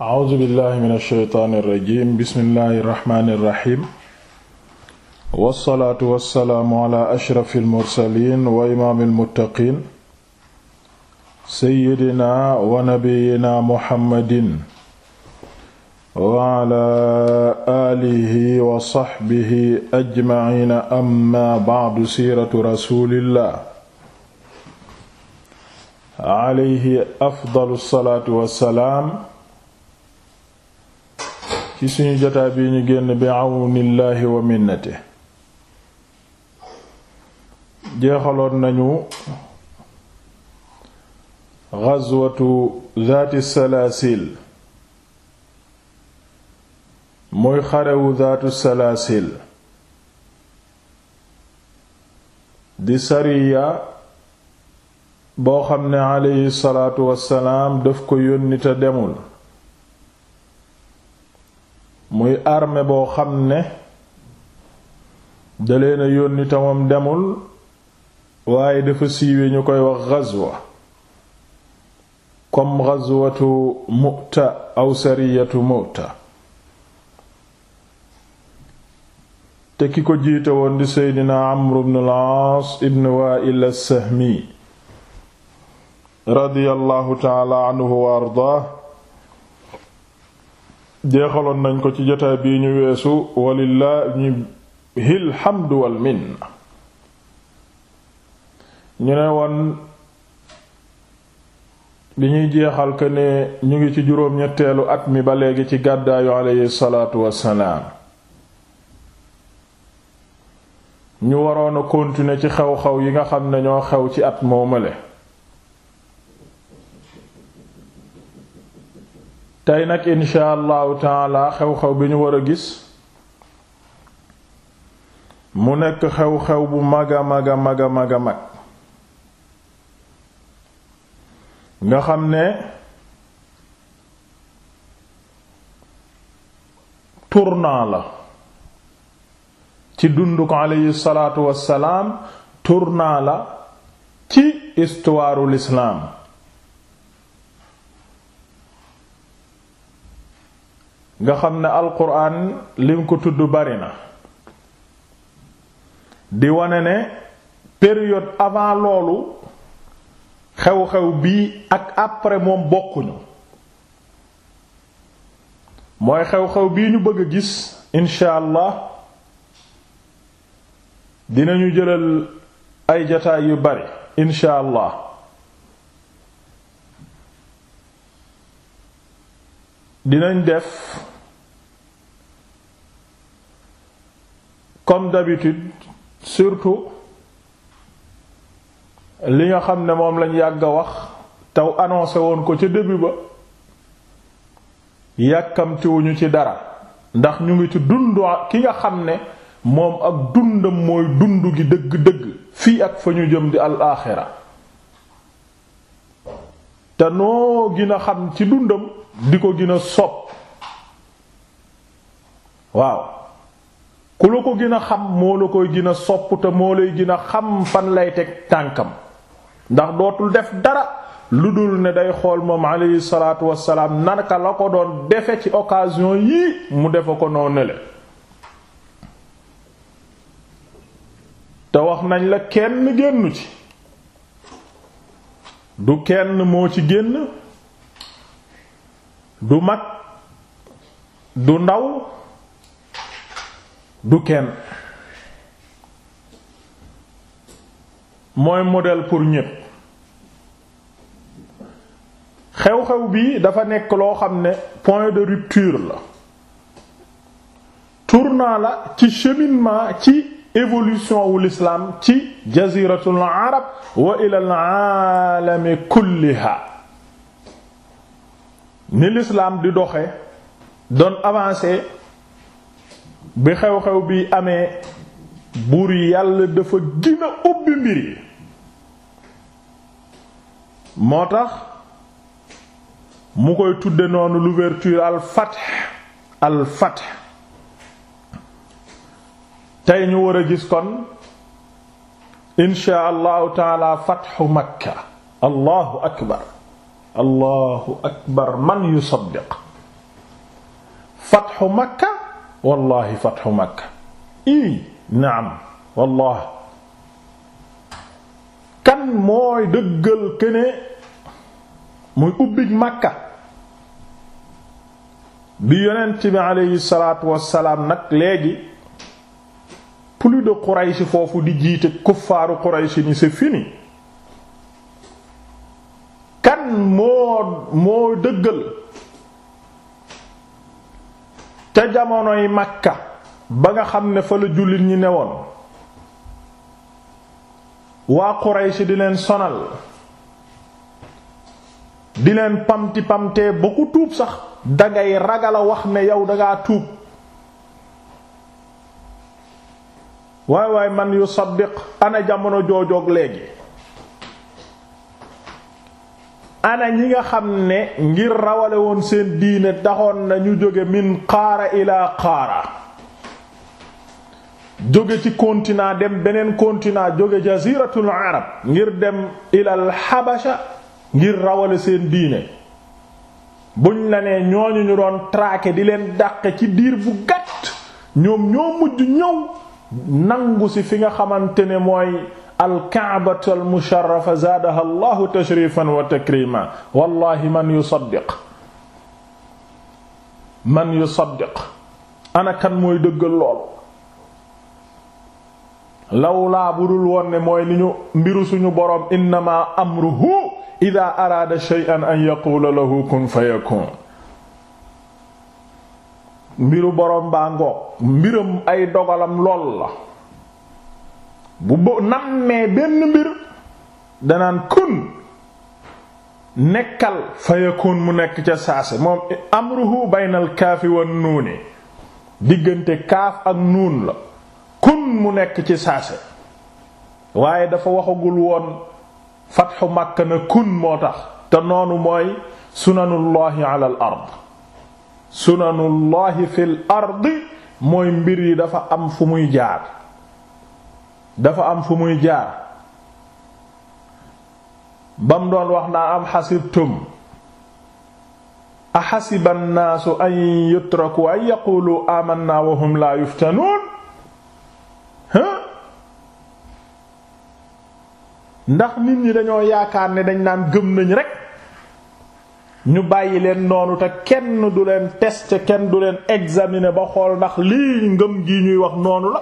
a'uuzu billahi min alsheytaani irrajim bismillahi irrahmaani irrahim wassalaatu wassalaamu ala ashraf almursalin wa imaam almuttaqin seyyidina wa nabiyina muhammadin wa ala alihi wa saxbihi ajmaciina amma bacdu siiratu rasulillah alayhi afdalu salaatu wassalaam ci suñu jotaa bii ñu génn bi àwnillaahi wa minnate jeexaloon nañu ghazwatu zaati salaasil muy xarewu zaatu salaasil di sariya boo xam ne aleyhi salaatu wassalaam daf ko yónni te demul muy arme boo xam ne da leen a yónni tamam demul waaye dafa siiwe ñu koy wax ghazwa comme ghazwatu mu'ta aw sariyatu mu'ta te ki ko jiite woon di seydina amru ibn al-aas ibn wa'il as-sahmi radiyallahu ta'ala anhu wa ardaah jeexaloon nañ ko ci jotaay bii ñu weesu walillahi alhamdu xamduwal minna ñu ne woon bi ñuy jeexal ko ne ñu ngi ci juróom-ñetteelu at mi ba léegi ci gàddaayu aleyhi salaatu wassalaam ñu waroon a ci xew-xew yi nga xam ne ñoo xew ci at moomale tey nag insha allahu xew-xew bi ñu war a gis mu nekk xew-xew bu mag a mag a mag a mag a mag nga xam ne tournant la ci dundu ko aleyhi salaatu wassalaam tournant la ci istuwaaru l'islam nga xam ne alquran lim ko tudd bari na di wane ne période avant loolu xew-xew bii ak après moom bokkuñu mooy xew-xew bii ñu bëgg a gis incha dinañu jëlal ay jataay yu bari incha allah dinañ def comme d'habitude surtout li nga xam ne moom lañ yàgg a wax taw annoncé woon ko ca début ba yàkkamtiwuñu ci dara ndax ñu ngi ci dundu ki nga xam ne moom ak dundam mooy dund gi dëgg-dëgg fii ak fa ñu jëm di alaaxira te noo gin a xam ci dundam di ko gën a sopp waaw ku la ko gën a xam moo la koy gën a sopp te moo lay gën a xam fan lay teg tànkam ndax dootul def dara lu dul ne day xool moom alayhi salaatu wassalaam nanka la ko doon defe ci occasion yii mu defe ko noonu le te wax nañ la kenn génnu ci du kenn moo ci génn du mag du ndaw du kenn mooy modèle pour ñépp xew-xew bi dafa nekk loo xam ne point de rupture la tournant la ci cheminement ci évolution wu lislaam ci jaziratul arab wa ilal alami kulliha ni l'islam di doxe doon avancer bi xew-xew bi amee buur yàlla dafa gën ubbi mbir yi moo tax mu koy tudde noonu l'ouverture al fath al fath tey ñu war a gis kon insha allahu taala fathu makka allahu akbar allahu akbar man yusaddiq fathu makka wallahi fathu makka i naam wallahi kan mooy dëggal kene muy ubbig makka bi yonent bi aleyhi salaatu nag léegi plus de foofu di jiite kuffaaru Quraysh ni c'est fini kan moo moo dëggal ca jamonoy Makka ba nga xam ne fa la jullit ñi newoon waa si di leen sonal di leen pamti pamtee ba ku tuub sax dangay ragal a wax ne yow dangaa tuub waay waay man yu saddiq ana jamono joojoog léegi ana ñi nga xam ne ngir rawale woon seen diine taxoon na ñu jóge min qaara ilaa qaara jóge ci continent dem beneen continent jóge jaziratul arab ngir dem ilal xabasha ngir rawale seen diine buñ la nee ñooñu ñu doon traquer di leen dàq ci diir bu gàtt ñoom ñoo mujj ñëw nangu ci fi nga xamante ne mooy alkaabatu almusharafa zaadaha allahu tashrifan wa takrima wallahi man yu man ana kan mooy dëggal loolu lawlaa bu dul woon mooy li mbiru suñu boroom innama amruhu ida araada shay'an an yaquula lahu kun fayakun mbiru boroom baa ngoog mbiram ay dogalam lool la bu bo nammee benn mbir danaan kun nekkal fayakun mu nekk ca saase moom amruhu baynal kaafi wan nuuni diggante kaaf ak nuun la kun mu nekk ci saase waaye dafa waxagul woon fatxu Makka na kun moo tax te noonu mooy sunanullahi ala al ard sunanullahi fil ardi mooy mbir yi dafa am fu muy jaar dafa am fu muy jaar ba mu doon wax naa am xasibtum axasiba annaasu an yutraku an yaqulu amanna wa hum laa yuftanuun ndax nit ñi dañoo yaakaar ne dañ naan gëm nañ rek ñu bàyyi leen noonu te kenn du leen test kenn du leen examiner ba xool ndax lii ngëm gi ñuy wax noonu la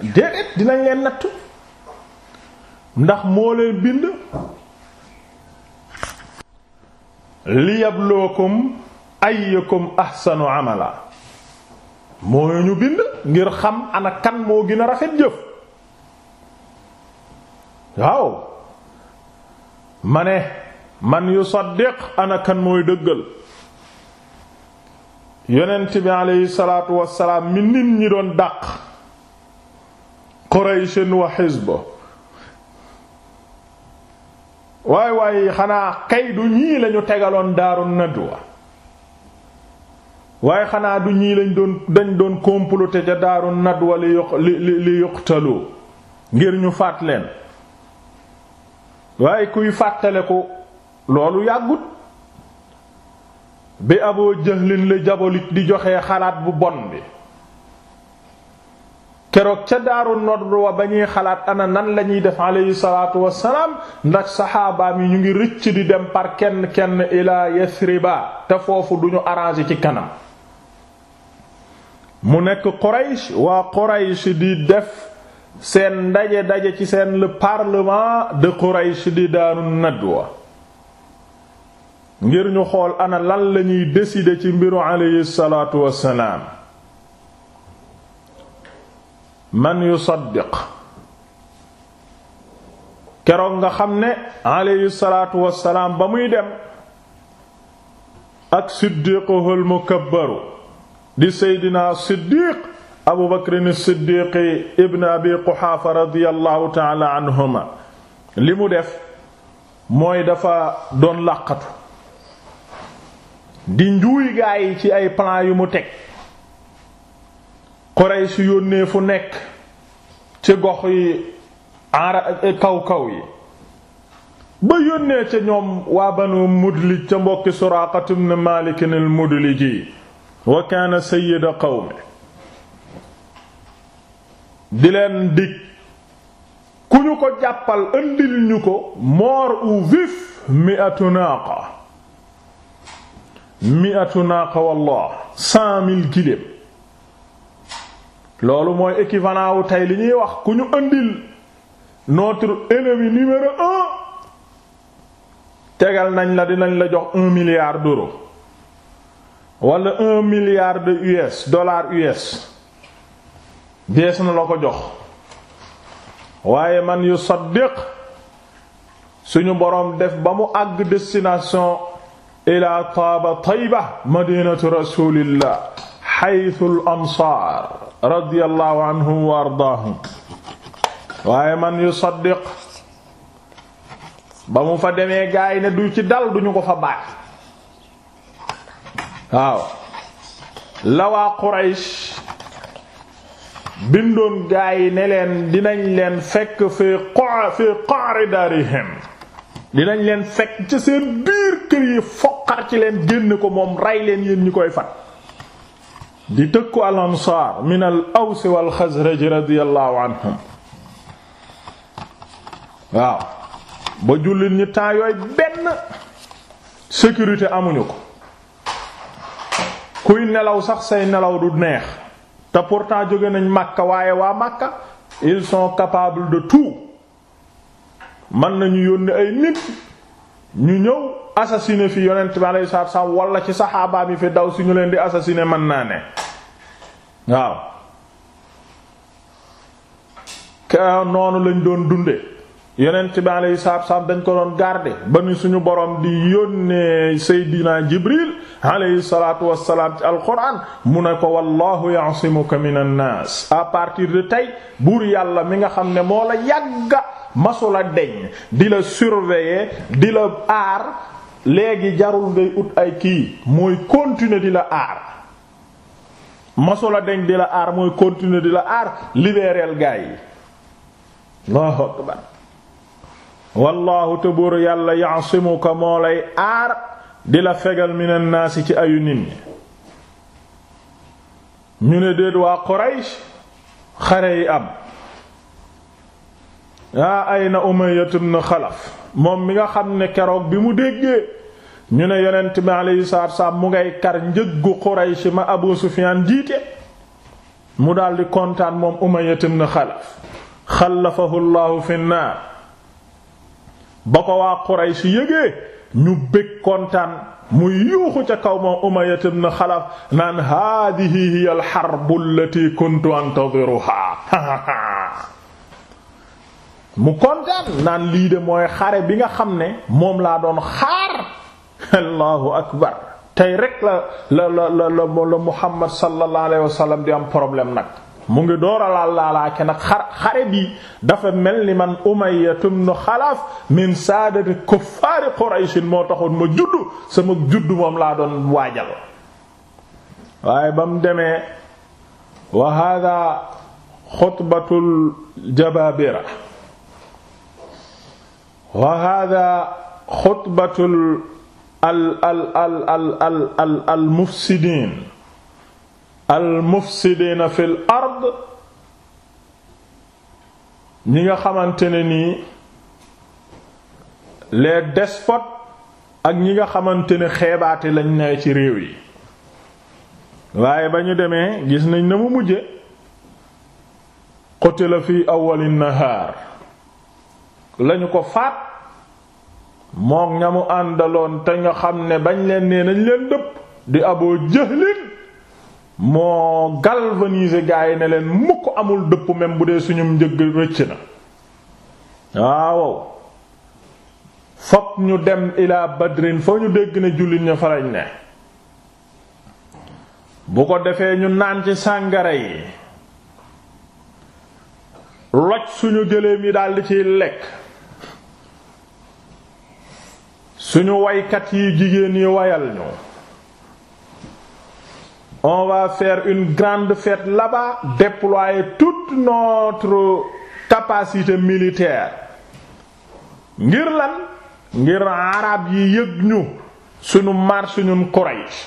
déedéet dinañ leen nattu ndax moo leen bind liyabluwakum ayyukum ahsanu amala moo ñu bind ngir xam ana kan moo gën a rafet jëf waaw ma ne man yu ana kan mooy dëggal yonent bi aleyhi salaatu wassalaam mi nit ñi doon dàq qurayshin wa xisba waay waay xanaa kay du ñii lañu tegaloon daaru nadwa waaye xanaa du ñii lañ doon dañ doon comploter ca daaru nadwa li yoq li li yuqtalu ngir ñu faat leen waaye kuy fàttale loolu yàggut bi Abu Jahlin la diabolique di joxe xalaat bu bon bi keroog ca daaru nodd wa ba ñuy xalaat ana lan la ñuy def alayhi salaatu wassalaam ndax saxaabaam yi ñu ngi rëcc di dem par kenn kenn ilaa Yasriba te foofu duñu arrangé ci kanam mu nekk Quraysh waa Quraysh di def seen ndaje ndaje ci seen le parlement de Quraysh di daaru nadwa ngir ñu xool ana lan la ñuy décider ci mbiru alayhi salaatu wassalaam man yu yusaddiq keroog nga xam ne aleyhi salaatu wassalaam ba muy dem ak siddiquhul mukabbaru di seydina siddiq abu bakrin siddiqi ibn abi quxaafa radiyallahu taala li mu def mooy dafa doon làqatu di njuuy gaa yi ci ay plan yu mu teg Quraysh yónnee fu nekk ci gox yi ara kaw kaw yi ba yónnee ca ñoom waa banu Mudlij ca mbokki Suraaqatu ibn Maalik al-Mudliji wa kaana sayyida qawmi di leen dig ku ñu ko jàppal indil ñu ko mort ou vif mi'atu naaqa mi'atu naaqa wallah cent mille kilim loolu mooy équivalent wu tey li ñuy wax ku ñu andil notre ennemi numéro un tegal nañ la dinañ la jox un milliard d'euros wala un milliard de US dollar US dees na la ko jox waaye man yu saddiq suñu boroom def ba mu àgg destination ila taaba tayba madinatu rasulillah haythul ansaar radiyallahu anhum wa ardaahum waaye man yusaddiq ba mu fa demee gaa gaay ne du ci dal duñu ko fa baax waaw la waa Quraysh bindoon gaay ne leen dinañ leen fekk fi qa fi qa'ri dinañ leen fekk ci seen biir kër yi foqar ci leen génn ko moom rey leen yéen ñi koy fat di dëkku al ansaar min al aws wal xasraj radiyallahu anhum waaw ba jullit ñi temps benn sécurité amuñu ko kuy nelaw sax say nelaw du neex te pourtant jóge nañ màkka waaye waa Makka ils sont capable de tout mën nañu yónni ay nit ñu ñëw assassiner fi yonent bi alayhi salaatu wala ci saxaabaam yi fi daw si ñu leen di assassiner mën naa ne waaw ka noonu lañ doon dunde yonent bi alayhi salaatu salaam dañ ko doon garder ba ni suñu borom di yónnee Seydina Jibril alayhi salaatu wassalaam ci alxuraan mu ne ko wallahu ya'simuka minan naas à partir de tey buur yàlla mi nga xam ne moo la yàgga masula deñ di la surveiller di la aar léegi jarul ngay ut ay kii mooy continuer di la aar masula deñ di la aar mooy continuer di la aar libérer gaa yi allahu akbar wallaahu te buur yàlla ya'simuka moo lay aar di la fegal minan ci ayu nit ñi ñu ne déet waa Quraysh xare yi am yaa ay na Umayya ibn Xalaf moom mi nga xam ne keroog bi mu déggee ñu ne yonent bi alayhi salaatu salaam mu ngay kar njëggu Quraysh ma Abu Sufyaan jiite mu daldi kontaan moom Umayya ibn Xalaf xalafahu Allahu fi naar ba ko waa Quraysh yëgee ñu bég kontaan mu yuuxu ca kaw moom Umayya ibn Xalaf naan haadihi hiya al-harbu allati mu kontaan naan lii de mooy xare bi nga xam ne moom laa doon xaar allahu akbar tey rek la la la la la muhammad sallallahu nag mu ngi door a laal laalaake nag xare bi dafa mel ni man Umayya ibn Xalaf min saadati kuffaari Quraysh moo taxoon ma judd sama juddu moom laa doon waajal waaye ba demee wa hada xutbatul jabaabira wa hada xutbatul al al al al al al mufsidiin al mufsidiina fil ard ñi nga xamante nii les despot ak ñi nga xamante ne xeebaate lañ ne ci réew yi waaye ba ñu demee gis nañ na mu mujje qutila fi awwalin nahaar lañu ko faat mook ña mu àndaloon te nga xam ne bañ leen nee nañ leen dëpp di aboo jëhlin moo galvaniser gaa yi ne leen mukk amul dëpp même bu dee suñu njëgg rëcc na waaw fokk ñu dem ilaa badrin foo ñu dégg ne jullit ña farañ ne bu ko defee ñu naan ci sàngara yi loj suñu gëléem yi daldi ciy lekk suñu waykat yi jigéen yi wayal ñu on va faire une grande fête là-bas déployer toute notre capacité militaire ngir lan ngir arab yi yëg ñu suñu marche ñun Quraysh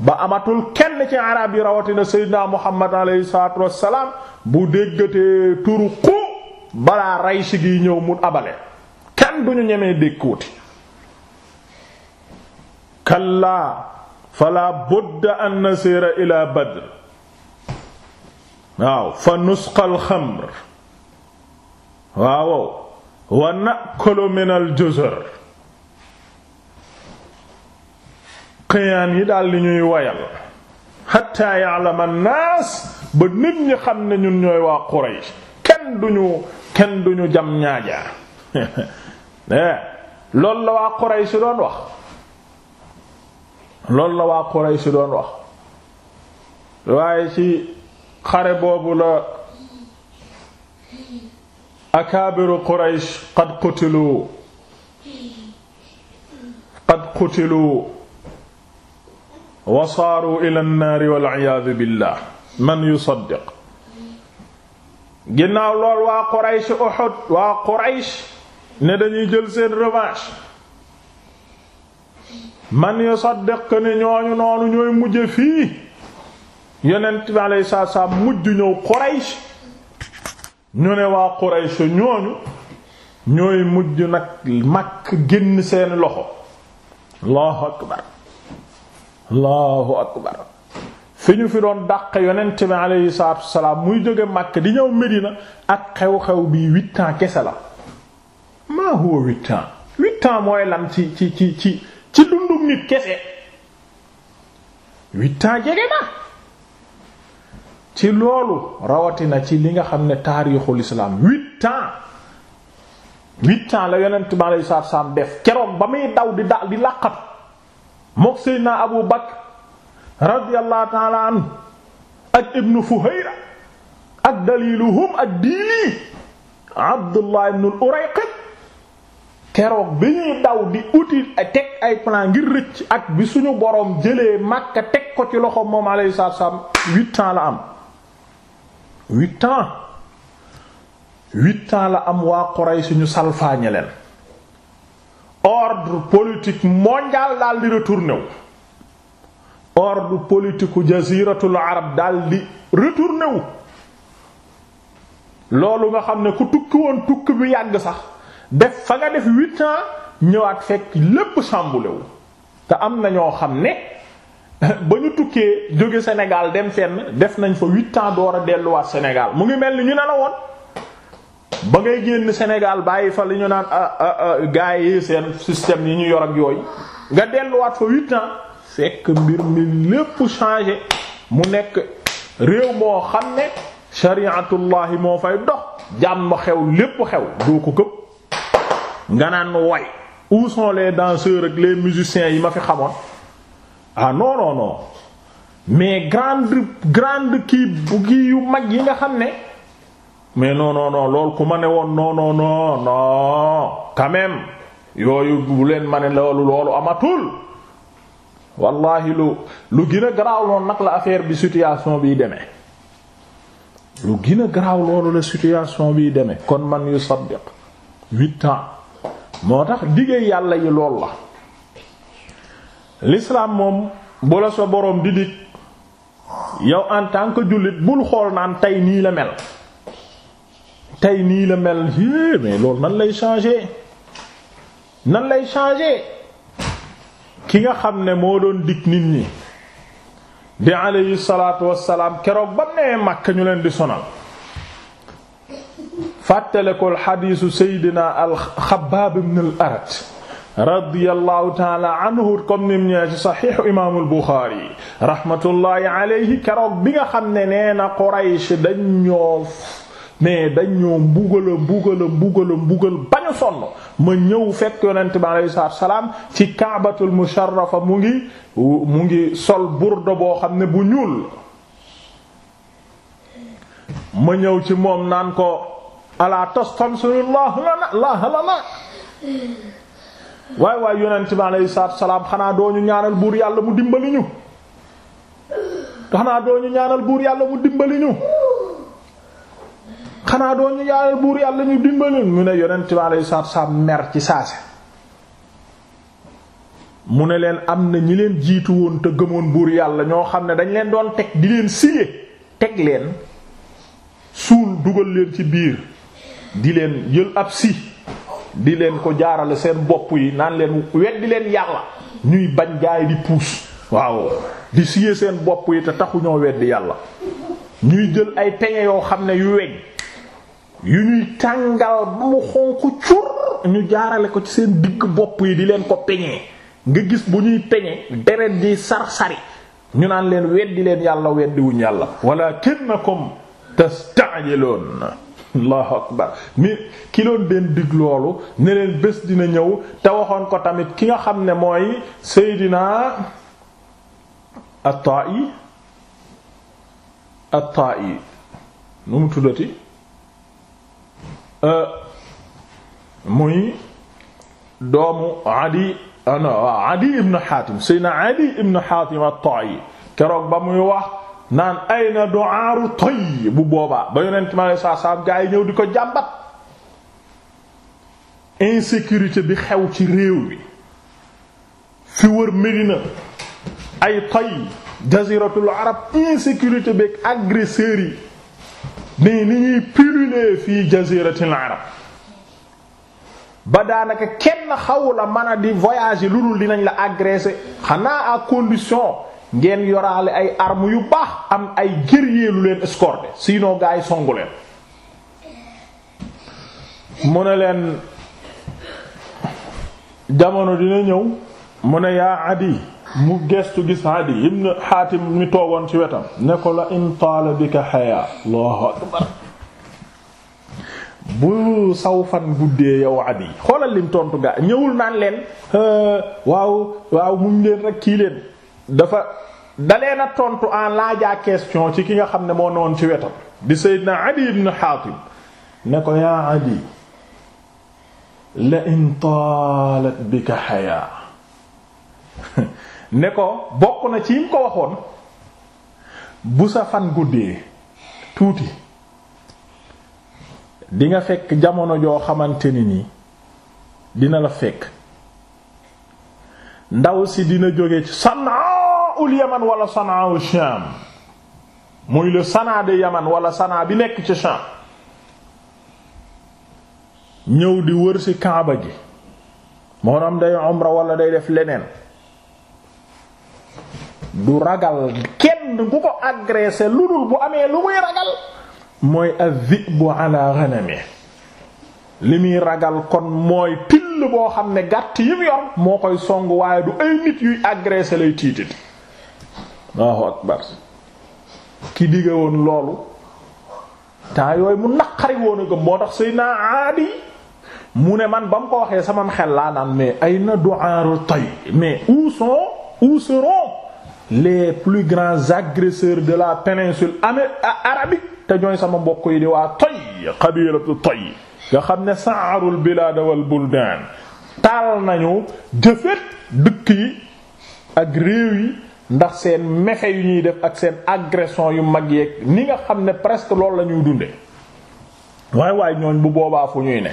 ba amatul kenn ci arab yi rawatina Seydina Muhammad alayhi salaatu wassalaam bu déggatee turu ku balaa raysi gi ñëw mu abale kenn duñu ñemee dékkuuti kallaa falaa budda an nasira ila badr waaw fa nusqa alxamr waaw wa nakulu min aljuzur qiyaan yi daal li ñuy wayal xatta ya'lama an-naas ba nit ñi xam ne ñun ñooy waa Quraysh kenn duñu kenn duñu jam ñaaja eh, loolu la waa Quraysh doon wax loolu la waa Quraysh doon wax waaye ci xare boobu la akaabiru Quraysh qad qutilu qad qutilu wa saaru ila nnaari wal iyaadu billah man yusaddiq ginnaaw lool waa Quraysh Uhud waa Quraysh ne dañuy jël seen revanche man yusaddiq ne ñooñu noonu ñooy mujje fii yonent bi alayhi salaatu mujj ñëw Quraysh ñu ne waa Quraysh ñooñu ñooy mujj nag makk génn seen loxo allahu akbar allahu akbar fi ñu fi doon dàq yonent bi alayhi salaatu muy jóge makk di ñëw Medina ak xew-xew bi huit kese la maa huwa huit ans mooy lan ci ci ci ci fukkum nit kese huit jege na ci loolu rawatina ci li nga xam ne taarixul islaam huit ans huit la yonent bi aleyhi salaatu salaam def keroog ba muy daw di daal di làqatu mook Abu Bakr radiyallahu ta'ala an ak ibnu Fuhayra ak daliluhum ak diini Abdullah ibn al keroog bi ñuy daw di uti teg ay plan ngir rëcc ak bi suñu boroom jëlee Makka teg ko ci loxo moom alayhi salaatu huit ans la am huit ans huit ans la am waa Quraysh suñu salfaañe leen ordre politique mondial daal di retourné wu ordre politique jaziratul arab daal di retourné loolu nga xam ne ku tukki woon tukki bi yàgg sax def fa nga def huit ans ñëwaat fekk lépp sàmbulewu te am na ñoo xam ne ba ñu tukkee jóge Sénégal dem fenn def nañ fa huit ans door a delluwaat Sénégal mu ngi mel ni ñu ne la woon ba ngay génn Sénégal bàyyi fa li ñu naan ah, ah, ah, gars yi seen système yi ñu yor ak yooyu nga delluwaat fa huit ans fekk mbir mi lépp changé mu nekk réew moo xam ne chariatullahi moo fay dox jàmm xew lépp xew doo ko këpp nga naan way où sont les danseurs ak les musiciens yi ma fi xamoon ah non mais grande grande kii bu kii yu mag yi nga xam ne mais non non loolu ku ma ne woon non non non yooyu bu leen ma ne loolu loolu amatul wallahi lu lu gën a garaaw loolu nag la affaire bi situation biy demee lu gën a garaaw loolu la situation bii demee kon man yu saddiq huit ans moo tax diggéey yàlla yi lool la l'islam moom bu la sa boroom di dig yow en tant que jullit bul xool naan tey nii la mel tey nii la mel é mais nan lay changer nan lay changer ki nga xam ne moo doon dig nit ñi di alayhi salaatu wassalaam keroog ba nee Makka ñu leen di sonal fàttalekol xadiisu seydina alxabaab ibn al arat radiyallahu taala anhu comme nim ñee ci saxiixu imaamul buxaari rahmatullahi keroog bi nga xam ne nee na Quraysh dañ ñoo mais dañ ñoo mbugala mbugala mbugala mbugal bañu sonn ma ñëw fekk yonent bi alayhi salaam ci kaabatul musharrafa mu ngi mu ngi sol burdo boo xam ne bu ñuul ma ñëw ci moom naan ko alaa tastansiru laahu lana laahu lana waay waay yonent bi alayhi salaatu salaam xanaa doo ñu ñaanal buur yàlla mu dimbali ñu xanaa doo ñu ñaanal buur yàlla mu dimbali ñu xanaa doo ñu buur yàlla ñu dimbali ñu mu ne yonent bi alayhi salaatu salaam mer ci saase mu ne leen am na ñi leen jiitu woon te gëmoon buur yàlla ñoo xam ne dañ leen doon teg di leen sigé teg leen suul dugal leen ci biir di leen jël ab si di leen ko jaarale seen bopp yi naan leen weddi leen yàlla ñuy bañ gaay di puus waaw di siyee seen bopp yi te taxuñoo weddi yàlla ñuy jël ay peñe yoo xam ne yu weñ yu ñuy tàngal ba mu xonq cur ñu jaarale ko ci seen dikk bopp yi di leen ko peñee nga gis bu ñuy peñe deret di sar ñu naan leen weddi leen yàlla weddiwuñ yàlla walakinnakum tastajiloon allahu akbar mi ki loon den dig loolu ne bés dina ñëw te waxoon ko tamit ki nga xam ne mooy seydinaa at-Ta'i at-Ta'i nu mu tuddati euh, muy doomu Adi ana euh, Adi ibn Hatim seydinaa Adi ibn Hatim at keroog ba muy wax naan ay na do'aaru toy bu boobaa ba yonent mi aleyhi salaatu salaam gaa yi ñëw di ko jàmbat insécurité bi xew ci réew bi fi wër Medina ay toy jaziratul arab insécurité bi ak agresseurs yi nii ni ñuy pulluler fii jaziratul arab ba daanaka kenn xaw la mën a di voyager lu dul dinañ la agresser xanaa à condition ngeen yoraale ay armes yu baax am ay guerrier lu leen escorter sinon gaa yi songu leen mu leen jamono dina ñëw mu ne yaa adi mu gestu gis adi ibn Hatim mi toogoon ci wetam ne ko la in taala bika haya Allahu bu saw fan guddee yow adi xoolal lim tontu gaa ñëwul naan leen waaw waaw muñ leen rek kii leen dafa dalee na tontu en laajaa question ci ki nga xam ne moo noon ci wetam di Seydina Adi ibn Hatim ne ko yaa Adi la in taalat bika xayaa ne ko bokk na ci yim ko waxoon bu sa fan guddee tuuti di nga fekk jamono joo xamante ni nii dina la fekk ndaw si dina jóge ci Sanaa ul yaman wala sanaa wu Sham muy le sanaa de yaman wala sanaa bi nekk ci Sham ñëw di wër ci kaaba gi moo am day umra wala day def leneen du ragal kenn ku ko agressé lu dul bu amee lu muy ragal mooy az-zi'bu ala li muy ragal kon mooy till boo xam ne gàtt yi mu yor moo koy song waaye du ay nit yuy agressé lay tiitit Allahu akbar ki digge woon loolu temps yooyu mu naqari woonu ko moo tax Seydina Aadi mu ne man ba mu ko waxee sama xel laa naan mais ay na du'aru tay mais où sont où seront les plus grands agresseurs de la péninsule arabique te ñooy sama mbokk yi di waa toy qabilatu toy nga xam ne sa'arul bilad wal buldan taal nañu jëfet dëkk yi ak réew yi ndax seen mexe yu ñuy def ak seen agression yu mag yeeg ni nga xam ne presque loolu la ñuy dunde waay waay ñooñ bu boobaa fu ñuy ne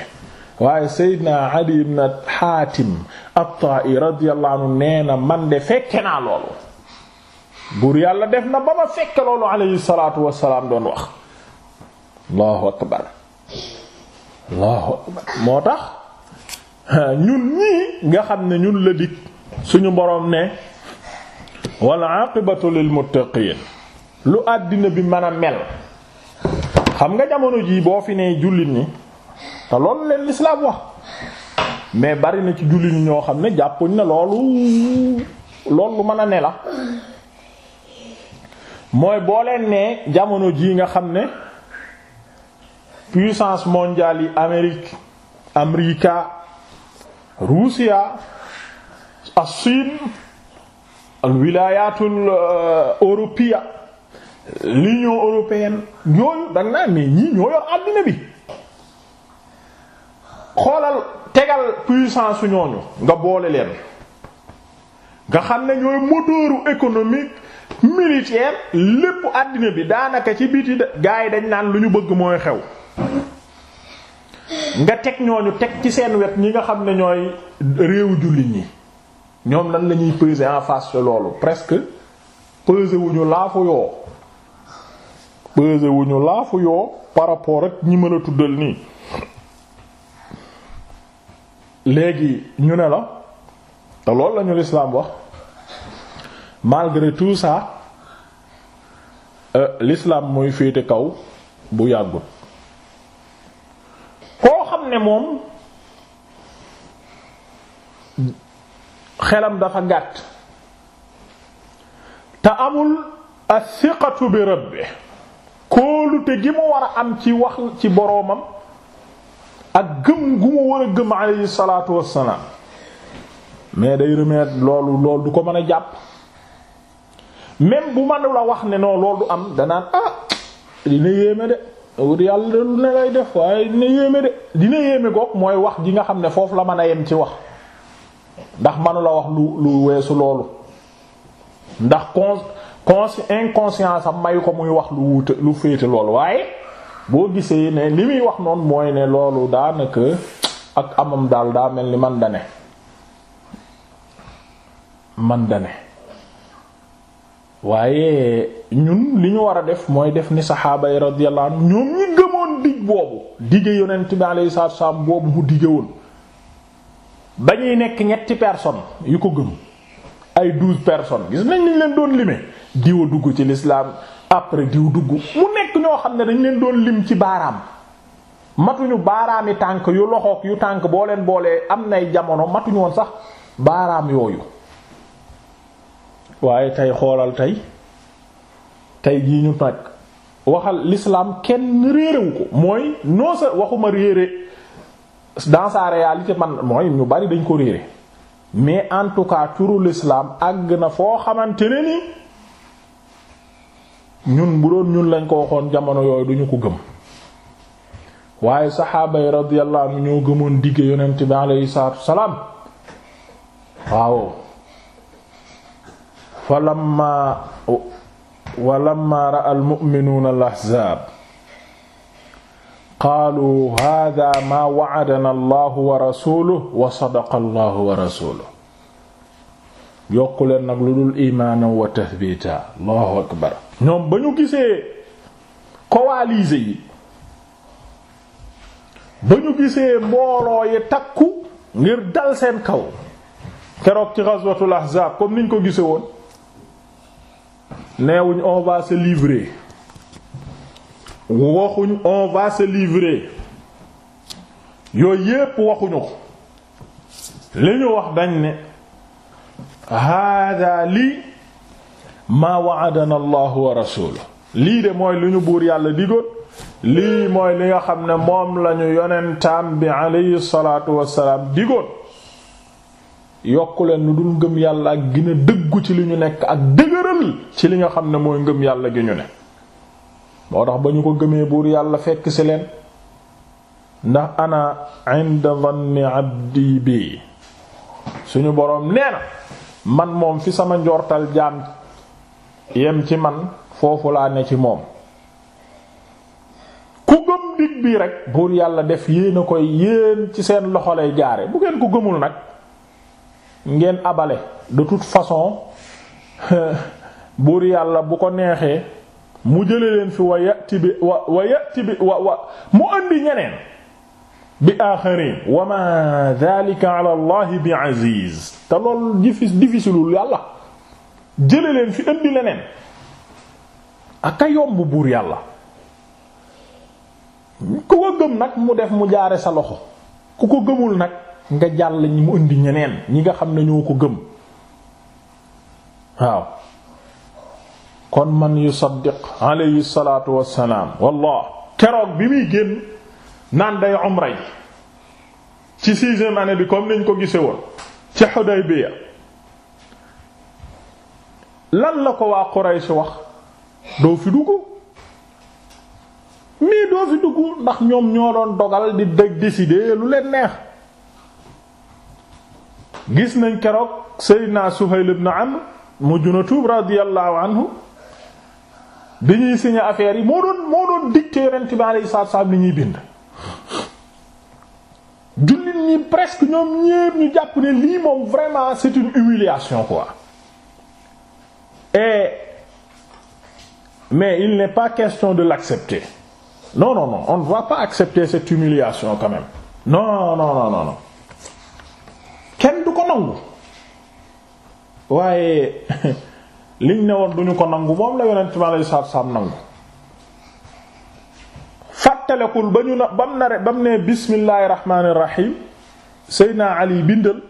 waaye Seydina Ali ibn Hatim at-Ta'i radiyallahu anhu nee na man de fekke naa loolu buur yàlla def na ba ma fekke loolu alayhi salaatu wassalaam doon wax allahu akbar allahu akbar moo tax ñun ñii nga xam ne ñun la dik suñu boroom ne wal aqibatu lil muttaqin lu àddina bi mën a mel xam nga jamono jii boo fi nee jullit ni te loolu leen lislaam wax mais bari na ci jullit ñi ñoo xam ne jàppuñ na loolu loolu lu mën a ne la mooy boo leen nee jamono jii nga xam ne puissance mondiale yi Amérique Amrika Russia Chine al wilaayatul uh, européen l'union européenne yooyu da nga naan mais ñii ñoo yor àddina bi xoolal tegal puissance su ñooñu nga boole leen nga xam ne ñooy moteuru économique militaire lépp àddina bi daanaka ci biti gaa yi dañ naan lu ñu bëgg mooy xew nga teg ñooñu teg ci seen wet ñi nga xam ne ñooy réewu jullit ñi. ñoom lan la ñuy peser en face de loolu presque peser wu ñu laafu yoo peser wu laafu yoo par rapport ak ñi mën a tuddal nii léegi ñu ne la te loolu lañu l'islam wax malgré tout ça euh, l'islam mooy féete kaw bu yàggut koo xam ne moom xelam dafa gàtt te amul asiqatu bi rabbi kóolute gi mu war a am ci wax ci boroomam ak gëm gu mu war a gëm alayhi salaatu wassalaam mais day remettre loolu loolu du ko mën a jàpp même bu manu la wax ne noo loolu du am danaan ah dina yéeme de wut yàlla lu ne lay def waaye dina yéeme de dina yéeme goog mooy wax ji nga xam ne foofu la mën a yem ci wax ndax manu la wax lu lu weesu loolu ndax con con inconscience am mayu ko muy wax lu wuute lu féete loolu waaye boo gisee ne li muy wax noonu mooy ne loolu daanaka ak amam daal daa mel ni man da ne waaye ñun li ñu war a def mooy def ni saxaaba yi radiyallahu anhum ñoom ñi gëmoon dig boobu dige yonent bi alayhi salaatu wasallam boobu mu dige woon ba ñuy nekk ñetti personnes yu ko gëm ay douze personnes gis nañ ñu leen doon lime diw dugg ci lislaam après diw dugg mu nekk ñoo xam ne dañ leen doon lim ci baaraam matuñu baaraami tànk yu loxoog yu tànk boo leen boolee am nay jamono matuñu woon sax baaraam yooyu waaye tey xoolal tey tey jii ñu nag waxal l'islam kenn réerewu ko mooy non sa waxuma réere dans sa réalité man mooy ñu bari dañ ko réere mais en tout cas turu l'islam àgg na foo xamante ne ni ñun bu doon ñun lañ ko waxoon jamono yooyu duñu ko gëm waaye saxaaba yi radiyallahu anhu ñoo gëmoon digge yonent bi alayhi salaatu wasalaam waaw falamma ra'a al mu'minuuna qaalu hada maa wa'adana allahu wa rasuluhu wa sadaqa allahu wa rasuluhu yokku leen nag lu dul imaanan wa tathbita allahu akbar ñoom ba ñu gisee coalisés yi ba ñu gisee mbooloo yi takku ngir dal seen kaw keroog ci ghazwatul ahzab comme niñ ko gise woon neewuñ on se livrer waxuñ on va se yooyu yépp waxuñu ko li ñu wax dañ ne hada lii maa wa'adana allahu wa rasuluhu lii de mooy li ñu buur yàlla digoon lii mooy li nga xam ne moom lañu yonentaam bi alayhi salaatu wassalaam digoon yokku leen lu dul ngëm yàlla ak gën dëggu ci li ñu nekk ak dëgëral ci li nga xam ne mooy ngëm yàlla gi ñu ne moo tax ba ñu ko gëmee buur yàlla fekk si leen ndax ana inda dhanni abdi bi suñu boroom nee na man moom fi sama njortal jaam yem ci man foofu laa ne ci moom ku gëm dig bi rek buur yàlla def yéen a koy yéen ci seen loxo lay jaare bu ngeen ko gëmul nag ngeen abale de toute façon buur yàlla bu ko neexee mu jële leen fi wa yati bi wa wa yati bi wa wa mu andi ñeneen bi aaxarin wa ma dhalika allah bi aziz te loolu difficile yàlla jële leen fi andi leneen aka yomb buur yàlla ku ko gëm nag mu def mu jaare sa loxo ku ko gëmul nag nga jàll ñi mu indi ñeneen ñi nga xam ne ñoo ko gëm waaw kon man yusaddiq alayhi salaatu wassalaam wallah keroog bi muy génn naan day umra yi ci sixième année bi comme niñ ko gise woon ci Hudaybiya lan la ko waa Quraysh wax doo fi dugg mii doo fi dugg ndax ñoom ñoo doon dogal di dëgg décider lu leen neex gis nañ keroog Seydina Suhayl ibn Amr mujj na tuub radiyallahu anhu bi ñuy si affaire yi moo doon moo doon dicté yonent bi alayhi salaatu salaam li ñuy bind jullit ñi presque ñoom ñépp ñu jàpp ne lii moom vraiment c'est une humiliation quoi mais il n'est pas question de l'accepter non non non on ne va kenn du ko nangu waaye liñ ne woon duñu ko nangu moom la yonent mi alayhi salaatu salaam nangu fàttalekul ba ñu na bam na rek bam ne bismillaahi rahmaani rahiim seydna ali bindal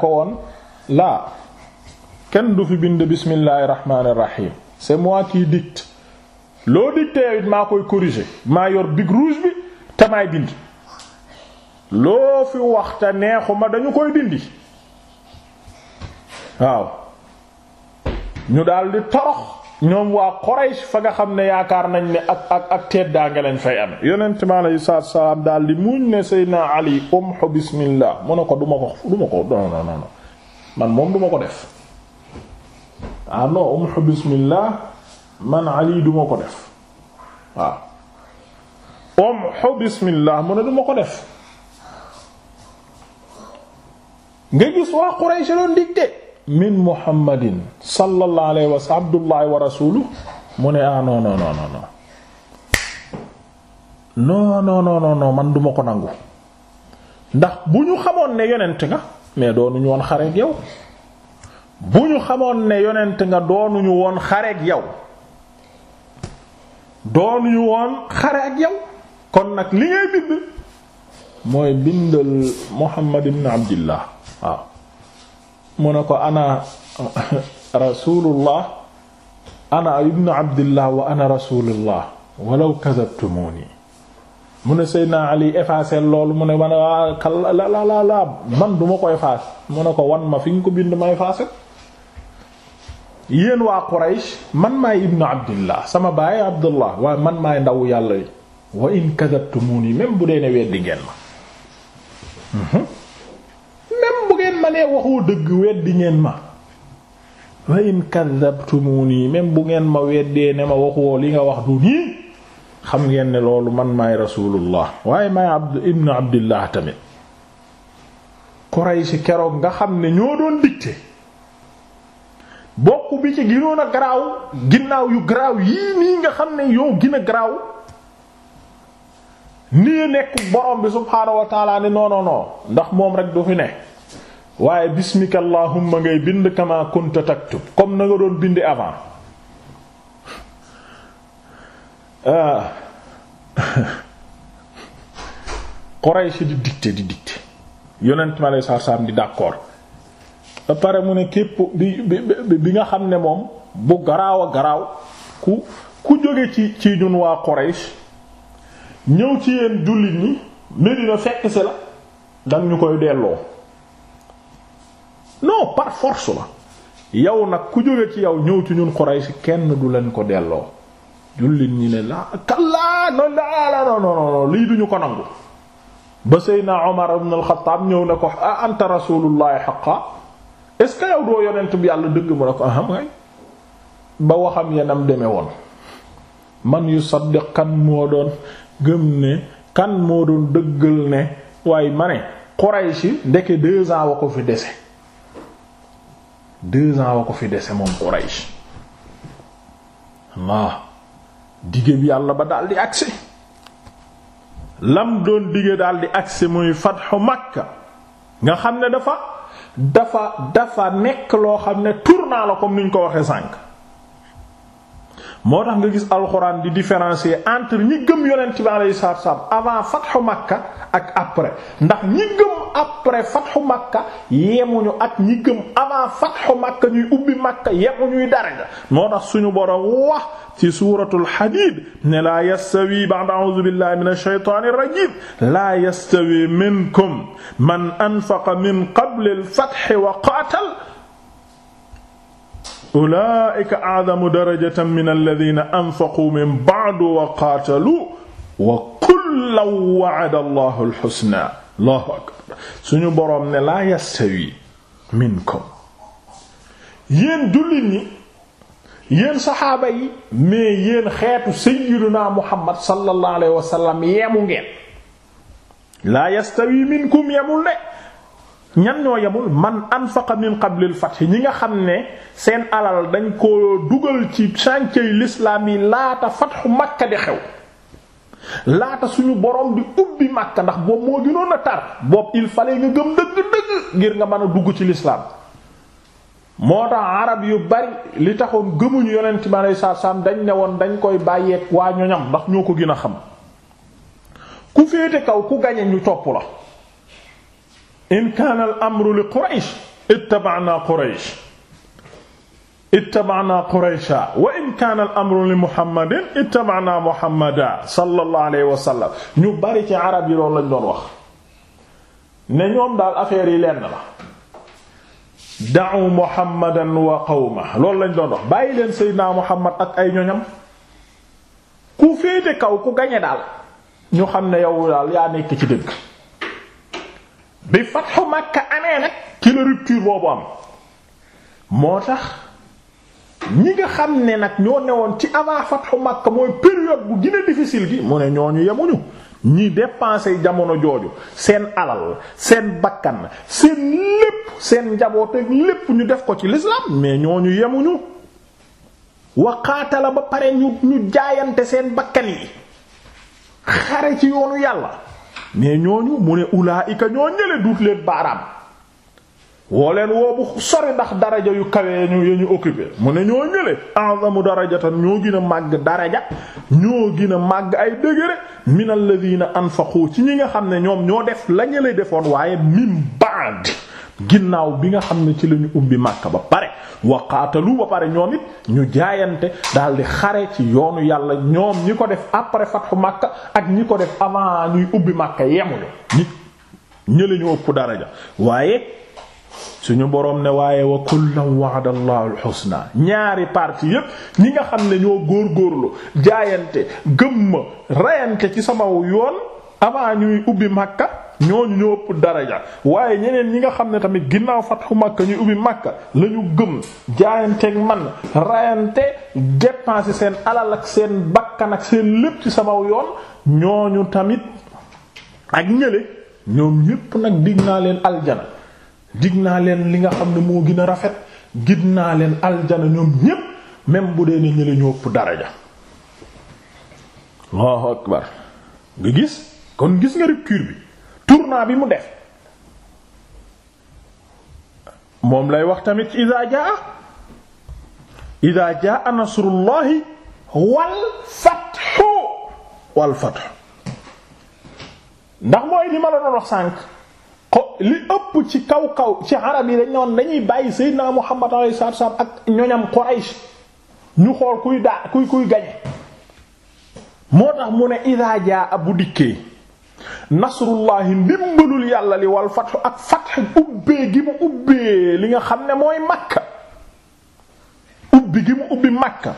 ko woon laa kenn du fi bind bismillaahi rahmaani rahiim c'est moi qui dicte loo dicté it maa koy corriger maa big rouge bi te bind loo fi waxta neexuma dañu koy dindi waaw ñu di torox ñoom waa Quraysh fa nga xam ne yaakaar nañ ne ak ak ak teet daanga lañ fay am yonent mi alayhi salaatu salaam daldi muñ ne Seydina Ali umhu bismillah mu ne ko duma ko duma ko non non non moom duma ko def ah non bismillah man Ali duma ko def waaw umhu bismillah mu ne duma ko def nga gis waa Quraysh doon digte min muhammadin sallallahu alayhi wa sallam abdullahi wa rasuluhu mu ne ah non non non non non non non man duma ko nangu ndax bu ñu xamoon ne yonent nga mais doonuñu woon xareeg yow bu ñu xamoon ne yonent nga doonuñu woon xareeg yow doonuñu woon xare ak yow kon nag li ngay bind mooy bindal Muhammad ibn Abdillah waaw mu ne ko ana rasulullah ana ibnu abdillah wa ana rasulullah walaw kadhabtumuni mu ne Seydina Ali effacé loolu mu ne man waa ah, la la la la man du ma ko effacé mu ne ko wan ma fi nga ko bind ma effacé yéen waa Quraysh man maay ibnu abdillah sama baay abdullah waaye man maay ndaw yàlla yi wa in kadhabtumuni même bu dee ne weddi ngeen ma mhm. ne waxoo dëgg weddi ngeen ma wa in kadhabtumuni même bu ngeen ma weddee ne ma waxoo li nga wax du nii xam ngeen ne loolu man maay rasulullah waaye maay abd ibnu abdillah tamit Quraysh keroog nga xam ne ñoo doon dicté bokk bi ci ginoon a garaaw ginnaaw yu garaaw yii nii nga xam ne yow gën a garaaw nii nekk borom bi subhaanahu wa ne non ndax moom rek du fi ne waaye bismika allahumma ngay bind kama kunta taktub comme na doon bindi avant ah. Quraysh di dicté di dicté yonent ma lay sar di d'accord ba pare mu ne képp bi bi bi nga xam ne moom bu garaaw a garaaw ku ku jóge ci ci ñun waa Quraysh ñëw ci yéen jullit ñi Medina fekk si la dang ñu koy delloo non par force la yow nag ku jóge ci yow ñëw ci ñun Quraysh kenn du leen ko delloo jullit ñi ne la kallaa non la non non non lii duñu ko nangu ba Seydina Omar ibn al ñëw ne ko a anta rasulullahi haqqa est ce que yow doo yonent bi yàlla dëgg mu ne ko aham ngay ba waxam yenam demee woon man yu saddiq kan moo doon gëm ne kan dëggal ne waaye ma ne Quraysh ndeke deux wa ko fi dese deux ans wa ko fi dese moom Quraysh Allah digéb yàlla ba daal di agsi lam doon digee daal di agsi muy fatxu Makka nga xam ne dafa dafa dafa nekk loo xam ne naa la comme ni ñu ko waxee sànq moo tax nga gis alxuraan di différencier entre ñi gëm yonent bi alayhi salaatu salaam avant fatxu makka ak après ndax ñi gëm après fatxu makka yemuñu ak ñi gëm avant fatxu makka ñuy ubbi makka yemuñuy daraja moo tax suñu boroom wax ci suuratul hadiid ne laa yastawi ba'da a'uuzu billahi minash shaytaanir rajiim laa yastawi minkum man anfaqa min qablil fathi wa qaatal ulaa'ika a'zamu darajatan min alladhiina anfaqu min ba'du wa qaatalu wa kullan wa'ada Allahu al-husnaa Allahu akbar suñu boroom ne laa yastawi minkum yéen jullit ñi yéen saxaaba yi mais yéen xeetu sayyiduna Muhammad sallallahu alayhi wa sallam yemu ngeen laa yastawi minkum yemul ne ñan ñoo yemul man anfaqa min qablil fath ñi nga xam ne seen alal dañ koo dugal ci chantier lislaam yi laata fathu Makka di xew laata suñu borom di ubbi Makka ndax boobu moo gënoon a tar boobu il fallait nga gëm dëgg-dëgg ngir nga mën a dugg ci l'islam moo tax arab yu bari li taxoon gëmuñu yonent bi alayhi salaam dañ ne woon dañ koy bàyyeek waa ñoñam ndax ñoo ko gën a xam ku féete kaw ku gañe ñu topp la in kaana al amru li quraysh ittaba'na quraysh ittaba'na quraysha wa in kaana al amru li muhammadin ittaba'na muhammada sallallahu alayhi wa sallam ñu bari ci arab yi loolu lañ doon wax ne ñoom daal affaire yi lenn la da'u muhammadan wa qawma loolu lañ doon wax bàyyi leen seydinaa muhammad ak ay ñoñam ku féete kaw ku gañe daal ñu xam ne yow daal yaa nekk ci dëgg bi fatxu Makka amee nag ci la rupture boobu am moo tax ñi nga xam ne nag ñoo newoon ci avant fatxu Makka mooy période bu gën a difficile gi mu ne ñooñu yemuñu ñi dépensé jamono jooju seen alal seen bakkan seen lépp seen njaboot ak lépp ñu def ko ci l'islam mais ñu yemuñu waqaatala ba pare ñu ñu jaayante seen bakkan yi xare ci yoonu yàlla mais ñooñu mu ne ulaayika ñoo ñële duut leen baaraam woo leen woo bu sori ndax daraja yu kawe ñu ya ñu occupé mu ne ñoo ñële a'zamu darajatan ñoo gin a màgg daraja ñoo gin a màgg ay degré min alladhina anfaqu ci ñi nga xam ne ñoom ñoo def la ñële defoon waaye min ba'd ginnaaw bi nga xam ne ci la ubbi Makka ba pare waqaatalu ba pare ñoom it ñu jaayante daal di xare ci yoonu yàlla ñoom ñi ko def après fatxu Makka ak ñi ko def avant ñuy ubbi Makka yemuñu nit ñële ñu ëpp daraja waaye suñu boroom ne waaye wa kullan wa'ada Allahu al ñaari parti yépp ñi nga xam ne ñoo góorlu jaayante gëm ma ci sama yoon avant ñuy ubbi Makka ñooñu ñoo ëpp daraja waaye ñeneen ñi nga xam ne tamit ginnaaw fatxu Makka ñuy ubbi Makka la ñu gëm jaayanteeg man rayante dépenser seen alal ak seen bakkan ak seen lépp ci sama yoon ñooñu tamit ak ñële ñoom yépp nag dig naa leen aljana dig naa leen li nga xam ne moo gën rafet gid naa leen aljana ñoom ñépp même bu dee ne ñële ñoo ëpp daraja Allahu akbar nga gis kon gis nga rupture bi. tournant bi mu def moom lay wax tamit ci idaa jaa idaa jaa nasrullahi wal fathu wal fathu ndax mooy li ma la doon wax sànq li ëpp ci kaw kaw ci arab yi dañ ne woon dañuy bàyyi Seydina Muhammad alayhi salaatu wa ak ñoñam Quraysh ñu xool kuy daa kuy kuy gañe moo tax mu ne idaa jaa bu dikkee nasrullahi ndimbalul yàlla li wal fatxu ak fatx ubbee gi mu ubbee li nga xam ne mooy makka ubbi gi mu ubbi makka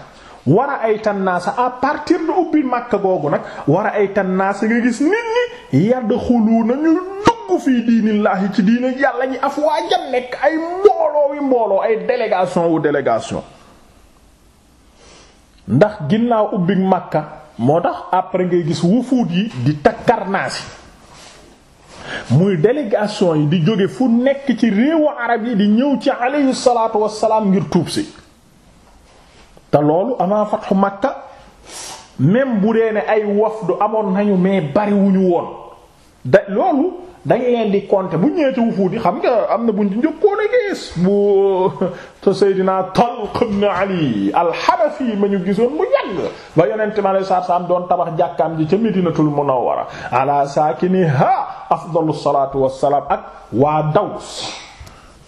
war ay tannaasa à partir de ubbi makka googu nag war ay tannaasa nga gis nit ñi yadxuluuna ñu dugg fii diinillaahi ci diine yàlla ñi afwaajan nekk ay mbooloo wi mbooloo ay délégation wu délégation ndax ginnaaw ubbi makka moo tax après ngay gis wufuut yi di takkarnaasi muy délégation yi di jóge fu nekk ci réewu arab yi di ñëw ci aleyhi salaatu wassalaam ngir tuub si te loolu avant matt Makka même bu dee ne ay du amoon nañu mais bariwuñu woon da loolu dañ leen di compter bu ñëwee ci wufuudi xam nga am na buñ njëkkoon a gis bu te Seydina Talq ibn Ali al-Hanafi ma ñu gisoon mu yàgg ba yonente mi alei satu doon tabax jàkkaam ji ca Medinatul Munawwara ala saakiniha afdalu salatu wassalaam ak waa Daws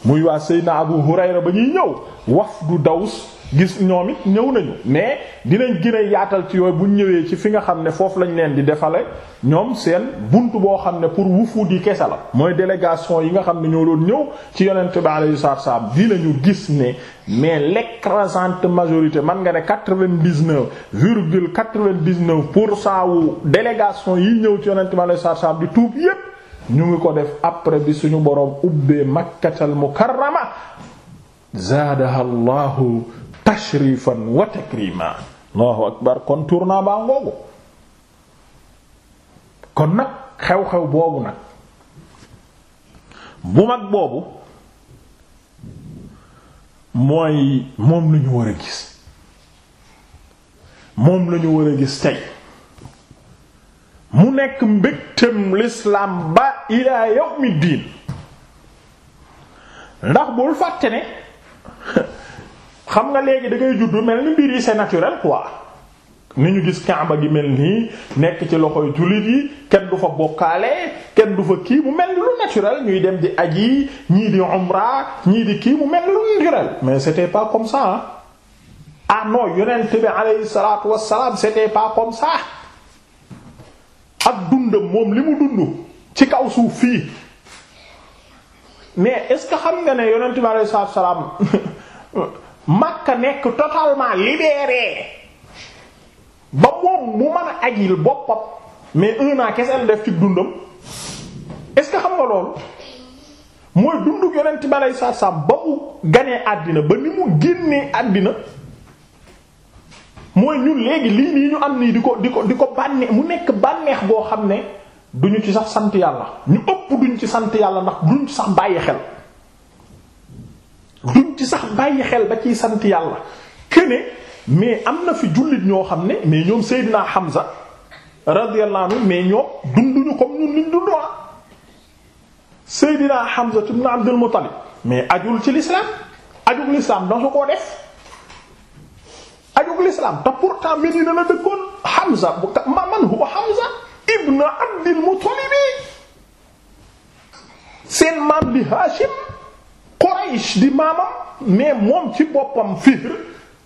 muy waa Seydina Abu Hurayra ba ñuy ñëw wafdu Daws gis ñoom it ñëw nañu mais dinañ gën a yaatal ci yooyu bu ñëwee ci fi nga xam ne foofu lañ leen di defale ñoom seen bunt boo xam ne pour wufuud di kese la mooy délégation yi nga xam ne ñoo doon ñëw ci yonent bi alayhi salaatu salaam lañu gis ne mais l'écrasante majorité man nga ne quatre-vingt-dix-neuf virgule quatre vingt pour cent wu délégation yi ñëw ci yonent bi alayhi salaatu salaam di tuub yépp ñu ngi ko def après bi suñu boroom ubbee makkatal mukarrama zaadaha Allahu tashrifan wa takrima allahu akbar kon tournant baa ngoogu kon nag xew-xew boobu nag bu mag boobu mooy moom lañu war a gis moom lañu war a gis tey mu nekk mbégteem lislaam ba ilaa yawmi diin ndax bul fàtte ne xam nga léegi da ngay juddu mel ni mbir yi c'est naturel quoi ni ñu gis Kaaba gi mel nii nekk ci loxoy jullit yi kenn du fa bokkaale kenn du fa kii mu mel lu naturel ñuy dem di aji ñii di umra ñii di kii mu mel lu naturel mais c'était pas comme ça ah non yonent bi alayhi salaatu wassalaam ak dundam moom mu dund ci kaw suuf fii mais est-ce que xam nga ne yonent Makka nekk totalement libéré ba moom mu mën a ajil boppam mais un naa kese la def ci dundam est-ce que xam nga loolu mooy dundu yonent bi aleyhi salaatu salaam ba mu ganee àddina ba ni mu génnee àddina mooy ñun léegi lii nii ñu am nii di ko di ko di ko bànneex mu nekk bànneex boo xam ne duñu ci sax sant yàlla ñu ëpp duñu ci sant yàlla ndax duñ sax bàyyi xel. duñ ci sax bàyyi xel ba ciy sant yàlla këne mais am na fi jullit ñoo xam ne mais ñoom Seydina Hamza radiyallahu anhu mais ñoom dunduñu comme ñun liñ dundoo ah. Seydina Hamza ibn Abdul Muttalib mais ajul ci l'islam ajul l'islam da su koo def ajul l'islam te pourtant Medina la dëkkoon Hamza ma man huwa Hamza ibn Abdul Muttalib seen maam bi Hashim Quraysh di maamam mais moom ci boppam Fihr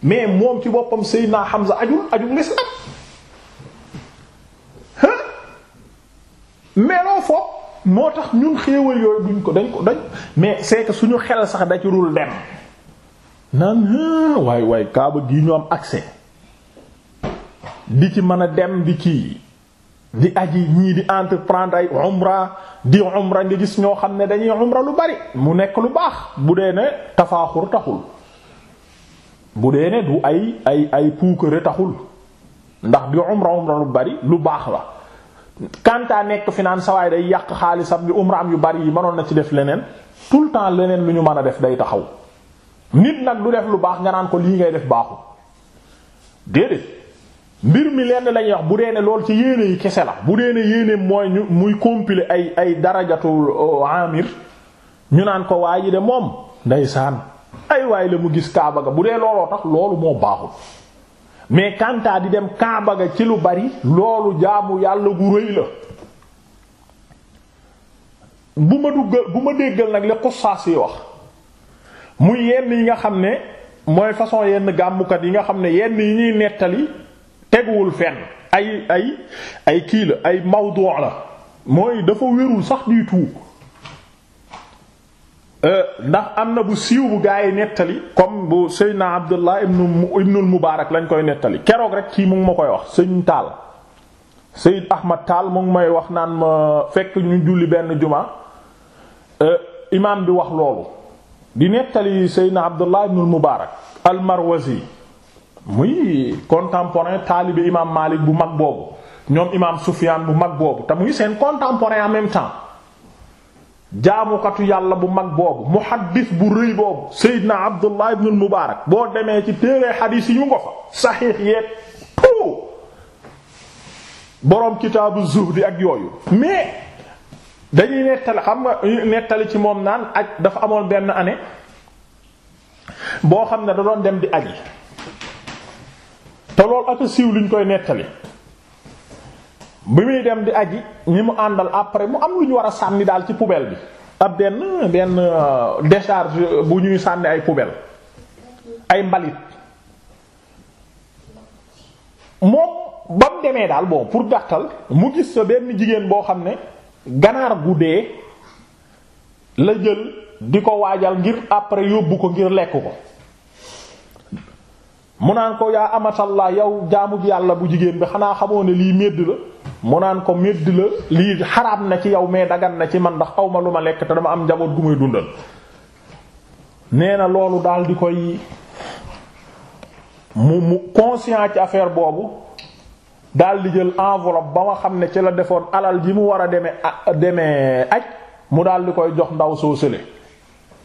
mais moom ci boppam Seydina Hamza ajul ajul l'islam mais loo foog moo tax ñun xéewal yooyu duñ ko dañ ko dañ mais c'est suñu xel sax da ci dul dem naan waay waay Kaaba gii ñu am accès di ci mën a dem di ci di aji ñii di entreprendre ay umra di umra nga gis ñoo xam ne dañuy umra lu bari mu nekk lu baax bu dee ne tafaaxur taxul bu dee ne du ay ay ay puukare taxul ndax di umra umra lu bari lu baax la kantaa nekk fi naan sawaay day yàq xaalisam bi umraam yu bari yi mënoon na ci def leneen tout le temps leneen lu ñu mën a def day taxaw nit nag du def lu baax nga naan ko lii ngay def baaxu déedéet mbir mi lenn lañu wax bu dee ne lool ci yéene yi kese la bu dee ne yéene mooy ñu muy compiler ay ay darajatul euh, amir ñu naan ko waa ji de moom ndeysaan ay waay la mu gis Kaaba ga bu dee looloo tax loolu moo baaxul mais kantaa di dem Kaaba ga ci lu bari loolu jaamu yàlla gu rëy la bu ma duggal bu ma déggal nag li xusaas yi wax muy yenn yi nga xam ne mooy façon yenn gàmmukat yi nga xam ne yenn yi ñuy nettali teguwul fenn ay ay ay kii la ay mawdu la mooy dafa wérul sax du tout euh, ndax am na bu siiw bu gaa yi nettali comme bu Seydina Abdullah ibnu ibnul Mubaarak lañ koy nettali keroog rek kii mu ngi ma koy wax sëñ Taal Seyd Ahmad Taal mu ngi may wax naan ma fekk ñu julli benn juma euh, imaam bi wax loolu di nettali Seydina Abdullah ibnul Mubaarak al muy contemporain taalibe imam Malik bu mag boobu ñoom imam Sufyan bu mag boobu te muy seen contemporain en même temps jaamukatu yàlla bu mag boobu muhaddis bu rëy boobu Seydina Abdullah ibn al-Mubarak boo demee ci téere xadiis yi ñu ngo fa saxiix yeeg tout boroom kitaabu zuhdi ak yooyu mais dañuy nettali xam nga nettali ci moom naan aj dafa amoon benn année boo xam ne da doon dem di aji te loolu aka siiw liñ koy nettali bi muy dem di aji ñi mu àndal après mu am lu ñu war a sànni daal ci poubelle bi ab benn benn euh, décharge bu ñuy sànni ay poubelle ay mbalit moom ba mu demee daal bon pour gàttal mu gis sa benn jigéen boo xam ne ganaar gu dee la jël di ko waajal ngir après yóbbu ko ngir lekk ko mu naan ko yaa amatallah yow jaamu yàlla bu jigéen bi xanaa xamoo ne lii médd la mu naan ko médd la lii xaraam na ci yow mais dagan na ci man ndax awma lu ma lekk te dama am njaboot gu muy dundal nee na loolu daal di koy mu mu conscient ci affaire boobu daal di jël enveloppe ba ma xam ne ci la defoon alal ji mu war a demee demee aj mu daal di koy jox ndaw soo sële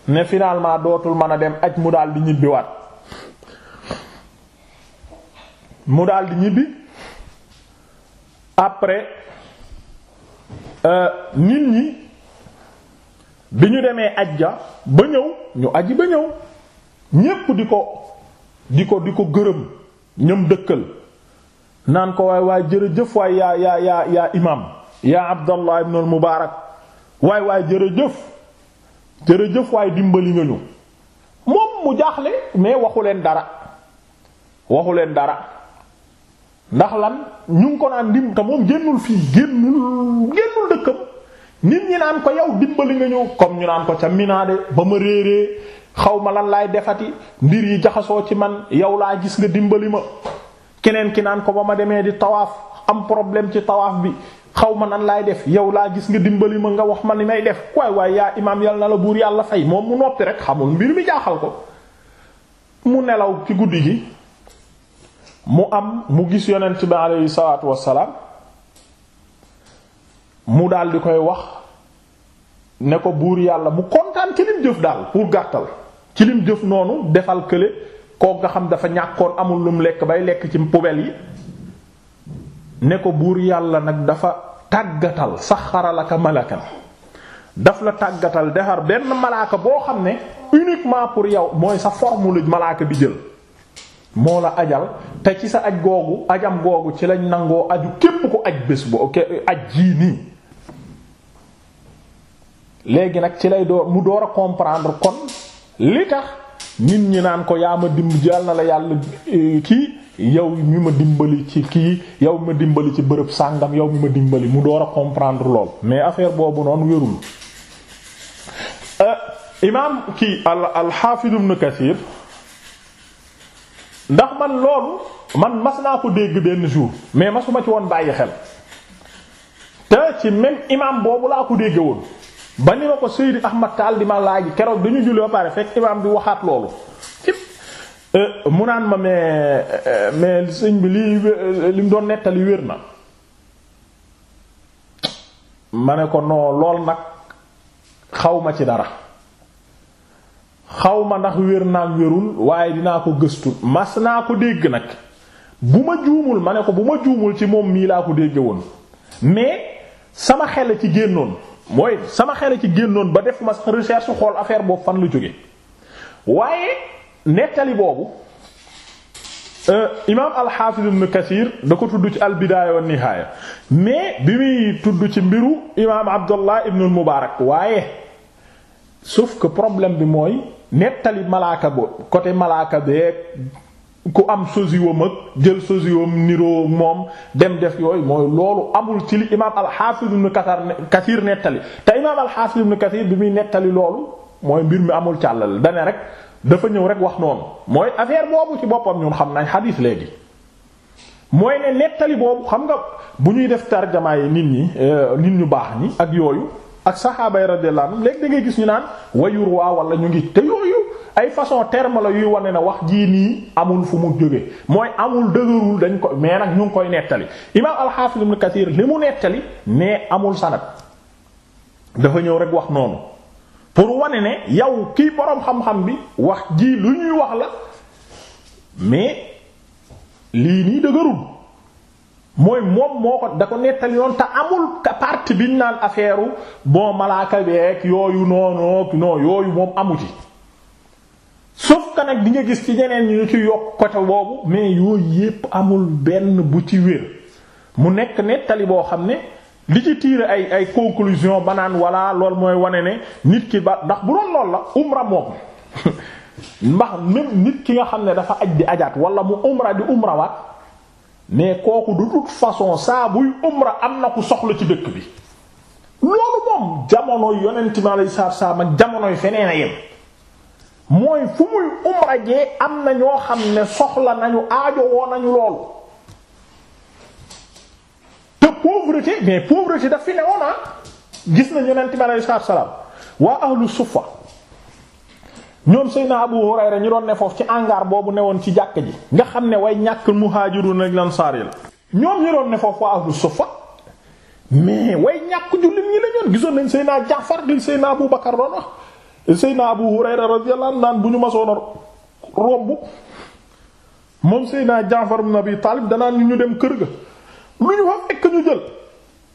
ne finalement dootul mën a dem aj mu daal di ñibbiwaat mu daldi ñibbi après euh, nit ñi bi ñu demee ja ba ñëw ñu aji ba ñëw ñépp di ko di ko di ko gërëm ñëm dëkkal naan ko waay waay jërëjëf waay yaa yaa yaa yaa imam yaa abdallah ibn al mubaarak waay waay jërëjëf jërëjëf waay dimbali nga ñu moom mu jaaxle mais waxu leen dara waxu leen dara ndax lan ñu ko naan dim te moom génnul fii génnul génnul dëkkam nit ñi naan ko yow dimbali nga ñëw comme ñu naan ko ca Mina ba ma réeree xaw ma lan laay defati mbir yi jaxasoo ci man yow laa gis nga dimbali ma keneen ki naan ko ba ma demee di tawaaf am problème ci tawaaf bi xaw ma nan laay def yow laa gis nga dimbali ma nga wax ma ni may def waay waay yaa imaam yal na la buur yàlla fay moom mu noppi rek xamul mbir mi jaaxal ko mu nelaw ci mu am mu gis yonent bi aleyhi salaatu wassalaam mu daal di koy wax ne ko buur yàlla mu kontaan ci lim jëf daal pour gàttal ci lim jëf noonu defal kële koo nga xam dafa ñàkkoon amul lum lekk bay lekk ci poubelle yi ne ko buur yàlla nag dafa tàggatal sax saxaralaka malakan daf la tàggatal defar benn malaaka boo xam ne uniquement pour yow mooy sa formule malaaka bi jël moo la ajal te ci sa aj googu ajam googu ci lañ nangoo aju képp ku aj bés bo aj jii nii léegi nag ci lay doo mu door a comprendre kon li tax nit ñi naan ko yaa ma dimb jàll na la yàlla eh, kii yow mi ma dimbali ci kii yow ma dimbali ci bërëb sàngam yow mi ma dimbali mu door a comprendre lool mais affaire boobu noonu wérul eh, imaam kii al al xaafiz ibn Kathir ndax man loolu man mas naa ko dégg benn jour mais masuma ci woon bàyyi xel te ci même imam boobu laa ko dégge woon ba ni ma ko Seydi Ahmad Taal di ma laaj keroog dañu julli ba pare fekk imam bi waxaat loolu euh, mu naan ma mais euh, mais sëñ bi lii euh, li mu doon nettali wér na ma ne ko non lool nag xaw ma ci dara xaw ma ndax wér naag wérul waaye dinaa ko gëstu mas naa ko dégg nag bu ma juumul ma ne ko bu ma juumul ci moom mii laa ko dégge woon mais sama xel ci génnoon mooy sama xel ci génnoon ba def ma recherche xool affaire boobu fan la jóge waaye nettali boobu euh, imaam al-Hafiz ibn Kathir da ko tudd ci al-Bidaya wa Nihaya mais bi muy tudd ci mbiru imaam Abdullah ibn al-Mubarak waaye sauf ko problème bi mooy nettali malaaka bo côté malaaka beeg ku am sosiwam ak jël sosiwam niroo moom dem def yooyu mooy loolu amul ci li imaam al-Hafiz ibn Kathir nettali te imaam al-Hafiz ibn bi muy nettali loolu mooy mbir mi amul càllal dane rek dafa ñëw rek wax noonu mooy affaire boobu ci boppam ñun xam nañ xadiis léegi mooy ne nettali boobu xam nga bu ñuy def tarjamaa yi nit ñi euh, nit ñu baax ñi ak yooyu ak saxaaba yi radiyallahu anhum léegi da ngay gis ñu naan wayur waa ñu ngi te ay façon terme la yuy wane na wax jii nii amul fu mu jóge mooy amul dëgërul dañ ko mais nag ñu ngi koy nettali imaam al-Hafiz ibn Kathir li mu nettali mais amul sanad dafa ñëw rek wax noonu pour wane ne yow kii boroom xam-xam bi wax jii lu ñuy wax la mais lii nii dëgërul mooy moom moo ko da ko nettali yoon te amul partie biñ naan affaire bon malaaka beek yooyu noonu non yooyu moom amu ci. sauf ka nag di nga gis ci ñeneen ñu ci yokk côté boobu mais yooyu yépp amul benn bu ci wér mu nekk nettali boo xam ne li ci tiire ay ay conclusion ba naan walla lool mooy wane ne nit ki ba ndax bu doon lool la umra moom ndax même nit ki nga xam ne dafa aj di ajaat wala mu umra di umrawaat. mais kooku du toute façon saa buy umra am na ku soxla ci dëkk bi loolu moom jamonoy yonent mi alayhi salaatu salaam ak yi feneen a yem mooy fu muy umra jee am na ñoo xam ne soxla nañu aajo woo nañu loolu te pauvreté mais pauvreté daf fi ne woon ah. gis nañ yonent mi alayhi salaatu salaam waa ahlu suffa ñoom Seydina Abu Hurayra ñu doon ne foofu ci angaar boobu ne woon ci jàkk ji nga xam ne way ñàkk muhaajirun ak lansaar yi la ñoom ñu doon ne foofu waa ahlu sufa mais way ñàkk jullit ñi la gisoon nañ Seydina Jaafar li Seydina Abu Bakar doon wax Seydina Abu Hurayra radiyallahu naan bu ñu masoon a romb moom Seydina Jaafar ibn Abi Taalib danaan ñu dem kër ga lu ñu fa fekk ñu jël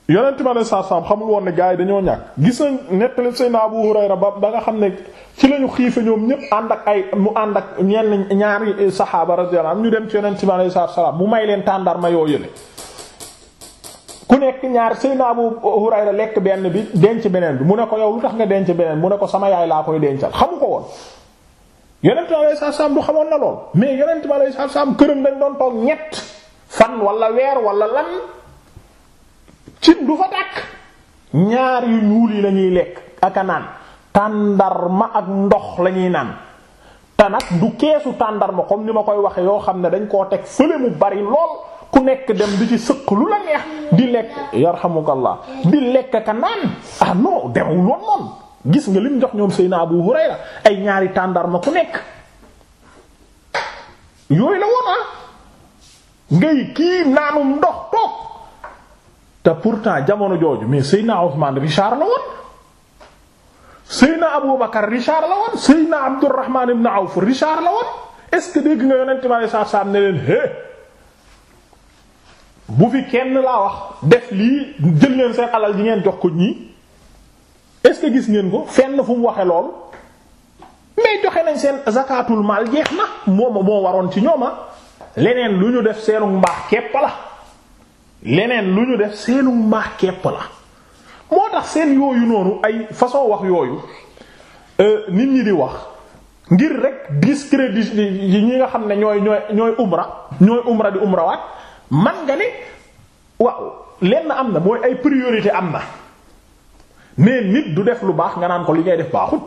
yonent bi aleyhi salaatu salaam xamul woon ne gaa yi dañoo ñàkk gis nañ nettali Seydina Abu Hurayra ba ba nga xam ne ci lañu xiife ñoom ñépp ànd ak ay mu ànd ak ñenn ñaari saxaaba radiyallahu anhum ñu dem ci yonent bi aleyhi salaatu salaam mu may leen tàndarma yoo yële ku nekk ñaar Seydina Abu Hurayra lekk benn bi denc beneen bi mu ne ko yow lu tax nga denc beneen mu ne ko sama yaay laa koy dencal xamu ko woon yonent bi aleyhi salaatu salaam du xamoon na lool mais yonent bi aleyhi salaatu salaam këram dañ doon toog ñett fan wala weer wala lan cin du fa tàkk ñaar yu ñuul yi lañuy lekk ak a naan tàndarma ak ndox lañuy naan te nag du keesu tàndarma comme ni ma koy waxe yoo xam ne dañ koo teg fële mu bari lool ku nekk dem di ci sëq lu la neex di lekk yarhamukallah di lekk ak a naan ah non demul woon gis nga lim jox ñoom Seydina Abu Hurayra ay ñaari tàndarma ku nekk yooyu la woon ah ngay kii naanum ndox toog te pourtant jamono jooju mais Seydina Ousmane Richard la woon Seydina Aboubacar Richard la woon Seydina na aw Awf Richard la woon est-ce que dégg nga yonent ma saa saa ne leen hé wax def lii jël ngeen seen alal yi ngeen jox ko ñii est-ce que gis ngeen ko fenn fu mu waxe lool mais joxe nañ seen zakatul mal jeex na moom moo waroon ci ñooma ah. leneen lu ñu def seenu mbaax képp la leneen lu ñu def seenu mbaax kepp la moo tax seen yooyu noonu ay façon wax yooyu euh, nit ñi di wax ngir rek discrédit yi ñi nga xam ne ñooy ñooy ñooy umra ñooy umra di umra waat man nga ne waaw lenn am na mooy ay priorité am na mais nit du def lu baax nga naan ko li ngay def baaxut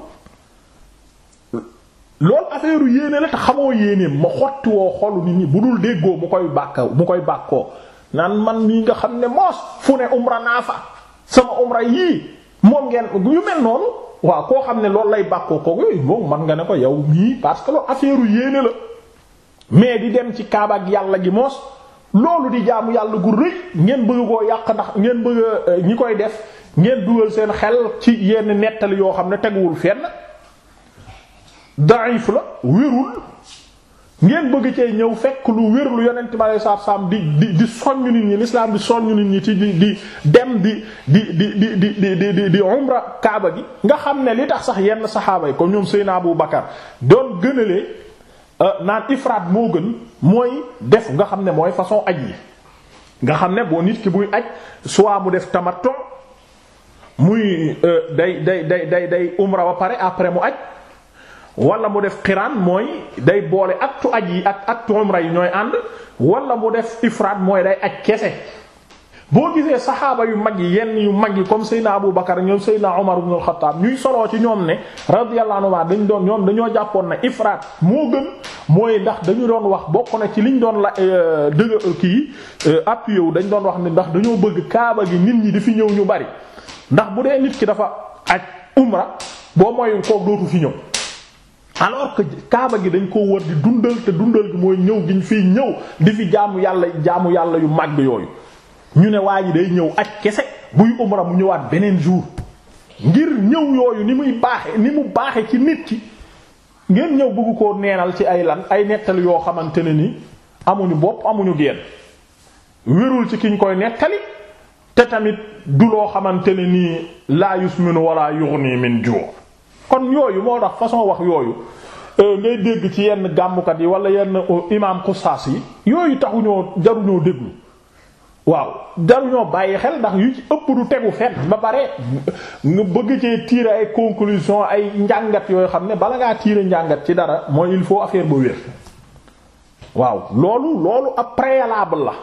loolu affaire yéene la te xamoo yéeneem ma xotti woo xolu nit ñi bu dul déggoo mu koy bàkka mu koy bàkkoo naan man mii nga xam ne moos fu ne umra naa fa sama umra yii moom ngeen yu mel noonu waaw koo xam ne loolu lay bàkkoo ko yooyu moom man nga ne ko yow mii parce que loolu affaire yéene la mais di dem ci kaaba yàlla gi moos loolu di jaamu yàlla gu rëy ngeen bëgg koo yàq ndax ngeen bëgg eh, ñi koy def ngeen dugal seen xel ci yenn nettali yoo xam ne teguwul fenn daif la wérul ngeen bëgg cee ñëw fekk lu wér lu yonent bi aleyhi salaatu salaam di di di soññ nit ñi l'islam di soññ nit ñi ci di di dem di di di di di di di kaaba gi nga xam ne li tax sax yenn saxaaba yi comme ñoom Seydina Abu Bakar doon gënalee euh, naan ifraat moo gën mooy def nga xam ne mooy façon aj yi nga xam ne boo nit ki buy aj soit mu def tamattu muy euh, day day day day day umra ba pare après mu aj wala mu def xiraan mooy day boole attu aj yi ak attu umra yi ñooy ànd wala mu def ifraat mooy day aj kese boo gisee saxaaba yu mag yi yenn yu mag yi comme Seydina Abu Bakar ñoom Seydina Omar ibn al-Khattab ñuy soloo ci ñoom ne radiyallahu anhu dañ doon ñoom dañoo jàppoon na ifraat moo mooy ndax dañu doon wax bokk na ci liñ doon la euh, dëgg kii euh, appuyé wu dañ doon wax ne ndax dañoo bëgg kaaba gi nit ñi di fi ñëw ñu bari ndax bu dee nit ki dafa aj umra boo mooy kooku dootu fi ñëw alors que kaaba gi dañ koo war di dundal te dundal gi mooy ñëw gi ñu fiy ñëw di fi jaamu yàlla jaamu yàlla yu màgg yooyu ñu ne waa day ñëw ak kese buy umra mu ñëwaat beneen jour ngir ñëw yooyu ni muy baaxe ni mu baaxe ci nit ki ngeen ñëw bëgg koo neenal ci ay lan ay nettali yoo xamante ne ni amuñu bopp amuñu geen wérul ci ki ñu koy nettali te tamit du loo xamante ne nii laa yusminu wala yughni min ju' kon yooyu moo tax façon wax yooyu euh, ngay dégg ci yenn gàmmukat yi wala yenn euh, imaam xusaas yi yooyu taxuñoo jaruñoo déglu waaw jaruñoo bàyyi xel ndax yu ci ëpp du tegu fenn ba pare nga bëgg cee tiire ay conclusion ay njàngat yooyu xam ne bala ngaa tirer njàngat ci dara mooy il faut affaire ba wér waaw loolu loolu ab préalable la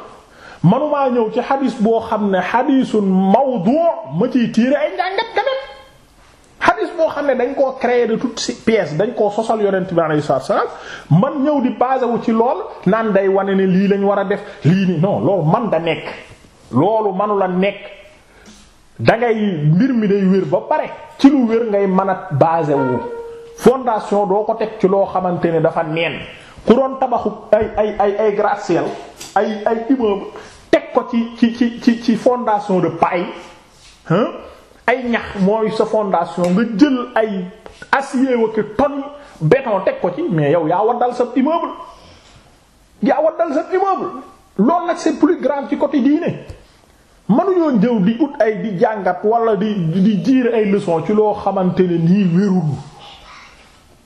manumaa ñëw ci xadis boo xam ne xadisun mawdu' ma ciy tirer ay njàngat quand xadis boo xam ne dañ koo créer de si pièces dañ koo sosal yonent bi alayhi salaatu wa man ñëw di basé wu ci lool naan day wane ne lii lañ war a def lii ni non loolu man da nekk loolu manu la nekk dangay mbir mi day wér ba pare ci lu wér ngay mën a basé wu fondation doo ko teg ci loo xamante ne dafa neen ku doon tabaxu ay ay ay ay ay ay immeuble teg ko ci ci ci ci ci fondation de paille ay ñax mooy sa fondation nga jël ay acier wa ki tonne béton teg ko ci mais yow yaa waddal sa immeuble yaa waddal sa immeuble loolu nag c'est plus grave ci côté diine mënuñoo jëw di ut ay di jàngat wala di di jiir ay leçon ci loo xamante ne nii wérul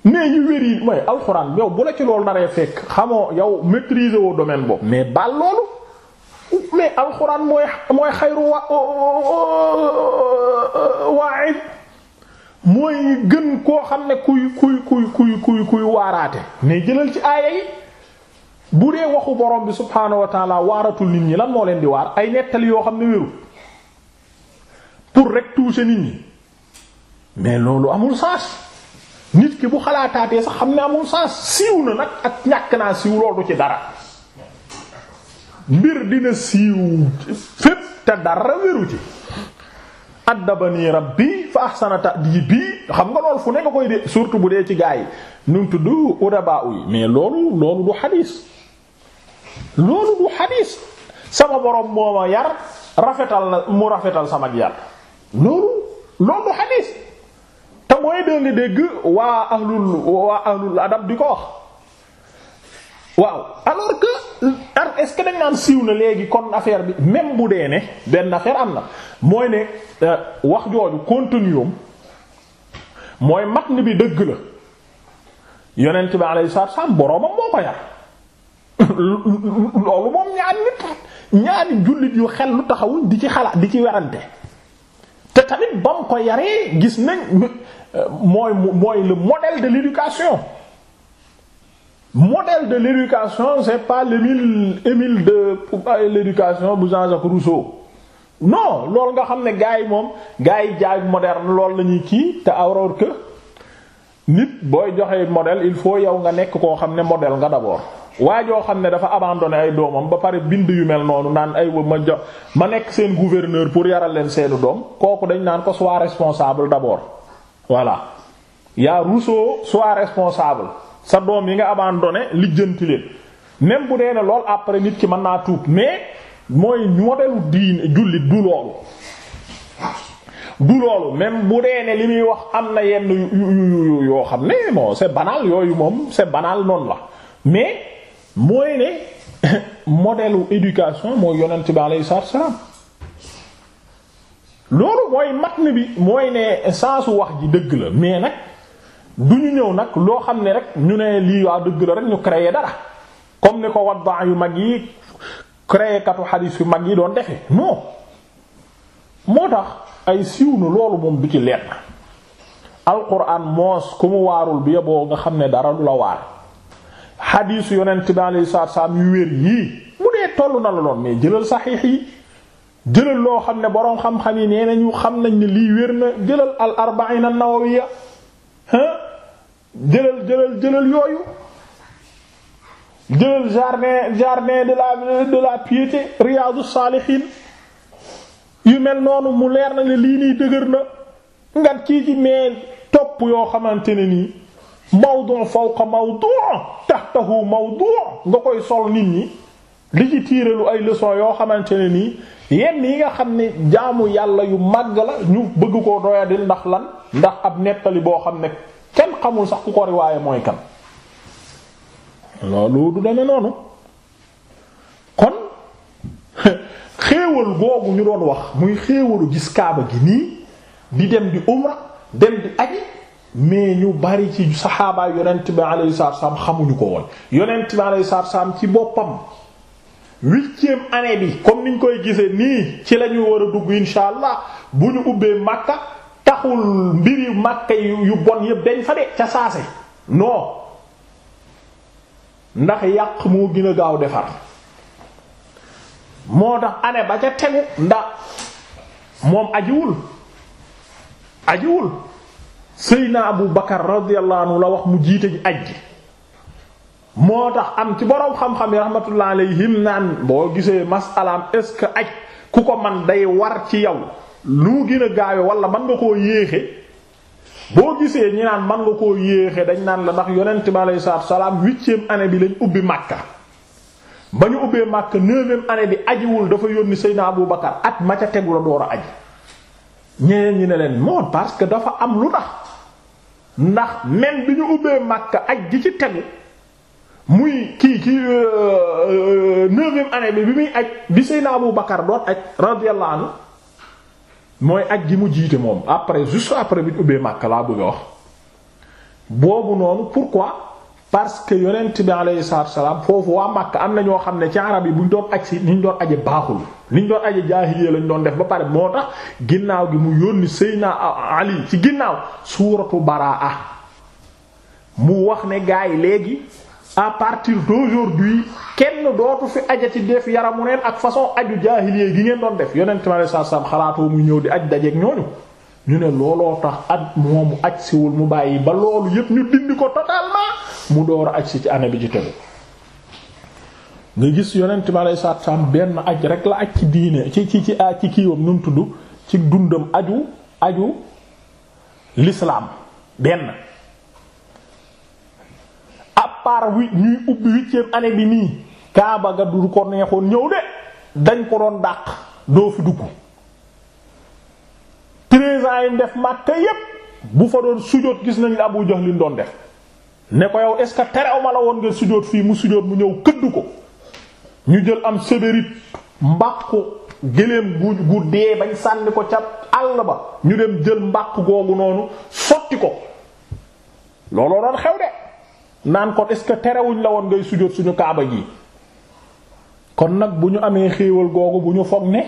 nee yu wér yi mooy alxuraan yow bu la ci loolu naree fekk xamoo yow maîtriser woo domaine boobu mais baal loolu mais alxuraan mooy mooy xayru waa'id mooy gën koo xam ne kuy kuy kuy kuy kuy kuy waaraate mais jëlal ci aaya yi bu dee waxu borom bi subhaanahu wa taala waaratul nit ñi lan moo leen di waar ay nettali yoo xam ne wéru pour rek toucher nit ñi mais loolu amul sens nit ki bu xalaataatee sax xam ne amul sens siiw na nag ak ñàkk naa siiw loolu du ci dara mbir dina siiw fépp te dara wéru ci addabani rabbi fa ahsana ta'dibi xam nga lool fu nekk koy de surtout bu dee ci gaa yi nun tudd udaba yi mais loolu loolu du xadiis loolu du xadiis sama borom moo ma yar rafetal mu rafetal sama yar loolu loolu xadiis te mooy dégg dégg waa ahlul waa ahlul adab di ko wax waaw alors que est-ce que dañ siiw na léegi kon affaire bi même bu dee ne benn affaire am na mooy ne euh, wax jooju continuum mooy matn bi dëgg la yonent bi alayhi salaatu salaam boroomam moo ko yar loolu moom ñaari nit ñaari jullit yu xel lu taxawuñ di ci xalaat di ci werante te tamit ba mu ko yaree gis nañ euh, mooy mooy le modèle de l'éducation modèle de l'éducation c'est pas l'Émile Émile de l'éducation bu Jean-Jacques Rousseau non loolu nga xam ne gars yi moom gars yi jaay moderne loolu la ñuy kii te alors que nit booy joxee modèle il faut yow nga nekk koo xam ne modèle nga d'abord waa joo xam ne dafa abandonné ay doomam ba pare bind yu mel noonu naan ay ma jox ma nekk seen gouverneur pour yaral leen seeni doom kooku dañ naan ko sois responsable d'abord voilà yaa Rousseau sois responsable sa doom yi nga abandonné lijjanti leen même bu dee ne lool après nit ki mën naa tuub mais mooy modelu diine jullit du loolu du loolu même bu dee ne li muy wax am na yenn yu yoo xam ne bon c'est banal yooyu moom c'est banal noonu la mais mooy ne modelu éducation mooy yonent bi alayhi salaatu wa salaam loolu mooy matn bi mooy ne saasu wax ji dëgg la mais nag. du ñu ñëw nag loo xam ne rek ñu ne lii waa dugg la rek ñu créer dara comme ni ko wadda yu mag yi créer katu xadiis yu mag yi doon defee non moo tax ay siiw na loolu moom du ci leer na alquran moos ku mu waarul bi yoboo nga xam ne dara lu la waar xadiisu yonent bi alayhi salaatu salaam yu wér yii mu dee toll na la loon mais jëlal saxiix yi jëlal loo xam ne boroom xam-xam yi nee nañu xam nañ ni lii wér na jëlal al arba'in an-nawawiyya jëlal jëlal jëlal yooyu jëlal jardin jardin de la de la piété Riyadous Salihine yu mel noonu mu leer na ne lii nii dëgër na nga kii ci mais topp yoo xamante ne nii mawdu' fawqa mawdu' tahtahu mawdu' nga koy sol nit ñi li ci tiiralu ay leçons yoo xamante ne nii yenn yi nga xam ne jaamu yàlla yu màgg la ñu bëgg koo doyadil ndax lan ndax ab nettali boo xam ne. kenn xamul sax ku ko riwaaye mooy kan loolu du deme noonu kon xéewal googu ñu doon wax muy xéewalu gis kaaba gi nii di dem di umra dem di aji mais ñu bari ci saxaabaay yonent bi alayhi salaam xamuñu ko woon yonent bi alayhi salaam ci boppam huitième année bi comme niñ koy gisee nii ci lañuy war a dugg insha allah bu ñu ubbee Makka taxul mbir yu màkk yu bon yëpp dañ fa de ca saase non ndax yàq moo gën a gaaw defar moo tax année ba ca tegu ndax moom ajiwul ajiwul Seydina Abu Bakar radiyallahu la wax mu jiite ji ajji moo tax am ci boroom xam-xam yi rahmatullah alayhim naan boo gisee masalaam est-ce aj ku ko man day war ci yow lu gën a gaawe wala man nga koo yéexe boo gisee ñi naan man nga koo yéexe dañ naan la ndax yonent bi aleyhi salaatu salaam huitième année bi lañ ubbi Makka ba ñu ubbee Makka neuvième année bi ajiwul dafa yónni Seydina Abu Bakar at ma ca tegu la door a aji ñeneen ñi ne leen moom parce que dafa am lu tax ndax même bi ñu ubbee Makka aj gi ci tegu muy kii kii euh, euh, neuvième année bi bi muy aj bi Seydina Abu Bakar doon aj radiyallahu anhu mooy aj gi mu jiite moom après juste après bi ubbee Makka laa bëgg wax boobu noonu pourquoi parce que yonent bi alayhi salaatu salaam foofu waa Makka am na ñoo xam ne ci arab yi buñ doon aj si niñ doon aje baaxul niñ doon aje jaahiliya lañ doon def ba pare moo tax ginnaaw gi mu yónni Seyna Ali ci ginnaaw suuratu baraa mu wax ne gaa yi léegi. à partir d'aujourd'hui kenn dootu fi ci def yaramu neen ak façon aju jaahiliya gi ngeen doon def yonent ma sallallahu alayhi wasallam xalaatoo muy ñëw di aj dajeek ñooñu ñu ne looloo tax at moomu aj mu bàyyi ba loolu yépp ñu dindi ko totalement mu door aj ci année bi ci tegu nga gis yonent ma lay saat saam benn aj rek la aj ci diine ci ci ci ci kiiwam nu mu tudd ci dundam aju aju l'islam benn part wi ñuy ubbi huitième année bi nii kaaba ga du ko neexoon ñëw de dañ ko doon dàq doo fi dugg treize ans yim def Makka yépp bu fa doon sujóot gis nañ la Abu Jahl liñ doon def ne ko yow est ce que terew ma la woon ngeen sujóot fii mu sujóot mu ñëw këdd ko ñu jël am sébérite mbàqu géléem gu gu dee bañ sànni ko ca àll ba ñu dem jël mbàq googu noonu sotti ko looloo doon xew de naan kon est-ce que terewuñ la woon ngay sujjóot suñu kaaba gi kon nag bu ñu amee xéewal googu bu ñu foog ne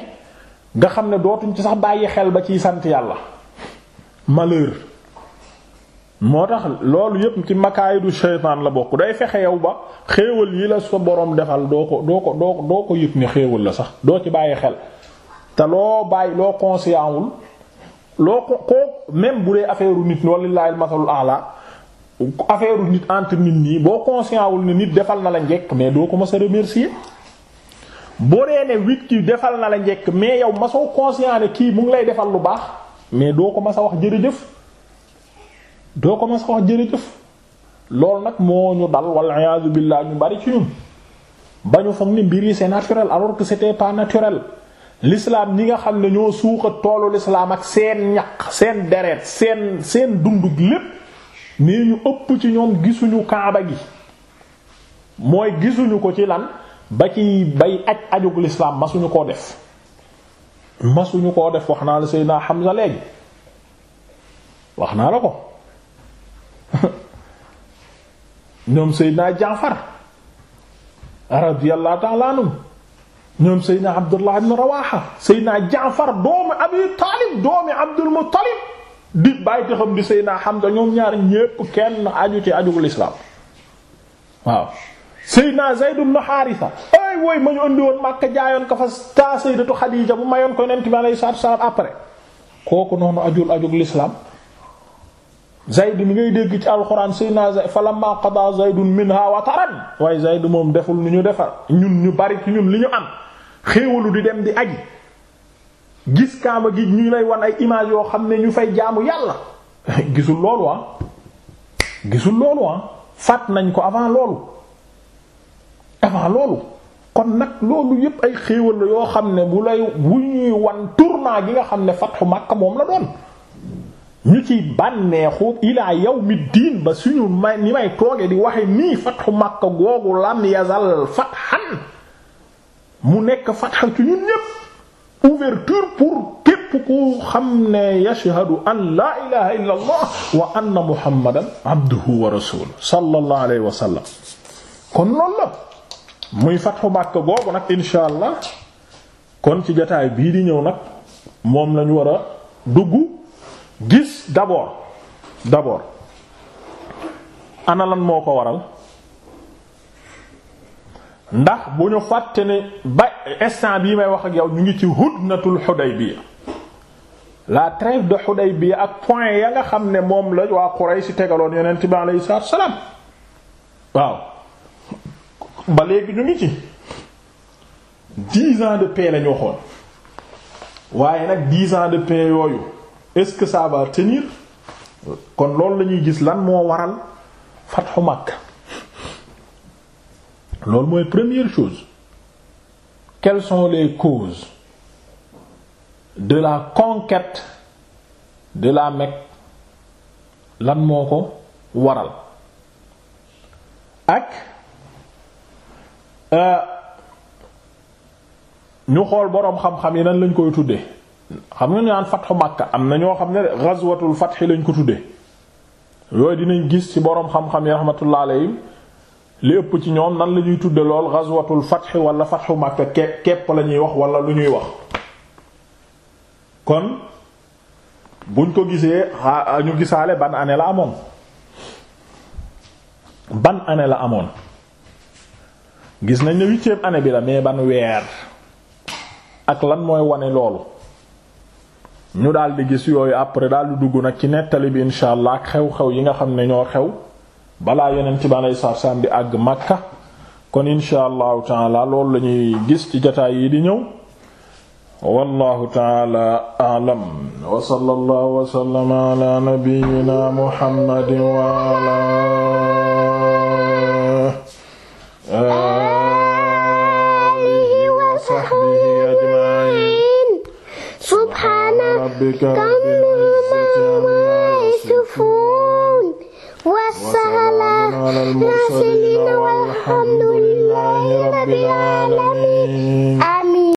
nga xam ne dootuñ ci sax bàyyi xel ba ciy sant yàlla malheur moo tax loolu yépp ci makaayidu seytaan la bokk day fexe ba xéewal yi la sa boroom defal doo ko doo ko doo ko doo ko yëg ne xéewal la sax doo ci bàyyi xel te loo bàyyi loo conscient wul loo ko koo même bu dee affaire nit walla laayal masalul ala affaire nit entre nit ñi boo conscient wul ne nit defal na la njekk mais doo ko mës a remercier boo dee ne wit ki defal na la njekk mais yow ma soo conscient ne kii mu ngi lay defal lu baax mais doo ko mës a wax jërëjëf doo ko mësa a wax jërëjëf loolu nag moo ñu dal wal iyaazu billaah ñu bari ci ñun ba ñu foog ni mbir yi c'est naturel alors que c'était pas naturel l'islam ñi nga xam ne ñoo suuxa toolu l'islam ak seen ñaq seen deret seen seen dundug lépp mais ñu ëpp ci ñoom gisuñu kaaba gi mooy gisuñu ko ci lan ba ci bay aj ajug lislaam masuñu koo def masuñu koo def wax naa la Seydina Hamza léegi wax naa la ko ñoom Seydina Jaafar radiyallahu ta'ala anhu ñoom Seydina Abdullah ibn Rawaha Seydina Jaafar doomi Abi Taalib doomi Abdul Muttalib di bàyyi te xam di Seydina Hamza ñoom ñaar ñépp kenn aju ci aju l'islam waaw Seydina Zayd ibn Haarisa ay wooy ma ñu andi woon Makka jaayoon ka fa taa Sayyidatu Xadiija bu mayoon ko Yonent bi alayhi salaatu wa salaam après kooku noonu ajul ajug l'islam Zayd mi ngay dégg ci alxuraan Seydina Zayd falammaa qadaa Zaydun minhaa wataran waaye Zayd moom deful nu ñu defar ñun ñu bari ci ñun li ñu am xéewalu di dem di aji gis kaaba gi ñu lay wan ay image yoo xam ne ñu fay jaamu yàlla gisul loolu ah gisul loolu ah fàtt nañ ko avant loolu avant loolu kon nag loolu yépp ay xéewal la yoo xam ne bu lay bu ñuy wan tournant gi nga xam ne fatxu Makka moom la doon ñu ci bànneexu ilaa yawmi diin ba suñu may ni may tooge di waxe nii fatxu Makka googu lam yazal fatxan mu nekk fatxa ci ñun ñépp ouverture pour képp ku xam ne yashhadu an laa ilaha illa allah wa anna muhammadan abduhu wa rasuluhu sallallahu alayhi wa sallam kon loolu la muy fatxu Makka googu nag insha allah kon ci jotaay bii di ñëw nag moom lañu war a dugg gis d'abord d'abord ana lan moo ko waral ndax bu ñu fàtte ne ba instant bii may wax ak yow ñu ngi ci hudnatul Hudaybiya la trêve de Hudaybiya ak point ya nga xam ne moom la waa si tegaloon yonent bi alayhi salaatu salaam waaw ba léegi ñu ci dix ans de paix lañu waxoon waaye nag dix ans de paix yooyu est-ce que ça va tenir kon loolu la ñuy gis lan moo waral fathu Makka loolu mooy première chose quelles sont les causes de la conquête de la Mecque lan moo ko waral ak euh, ñu xool boroom xam-xam yi nan lañ koy tuddee xam nga ñu naan fatxu Makka am na ñoo xam ne ghazwatul fath lañ ko tuddee yooyu dinañ gis ci boroom xam-xam yi rahmatullah alayhim li ëpp ci ñoom nan la ñuy tudde lool ghazwatul fath wala fathu Makka kepp la ñuy wax wala lu ñuy wax kon buñ ko gisee ñu gisaale ban année la amoon ban année la amoon gis nañ ne huitième année bi la mais ban weer ak lan mooy wane loolu ñu daal di gis yooyu après daal di dugg nag ci nettali bi insha allah ak xew-xew yi nga xam ne ñoo xew balaa yonent bi aleyhi salaatu salaam di àgg Makka kon insha allahu taala loolu la ñuy gis ci jotaay yi di ñëw wallahu taala a'lam wa sallallahu wa sallama ala nabiyyina muhammadin wa ala سبحان ربك رب العزة عما يصفون وسلام على المرسلين والحمد لله رب العالمين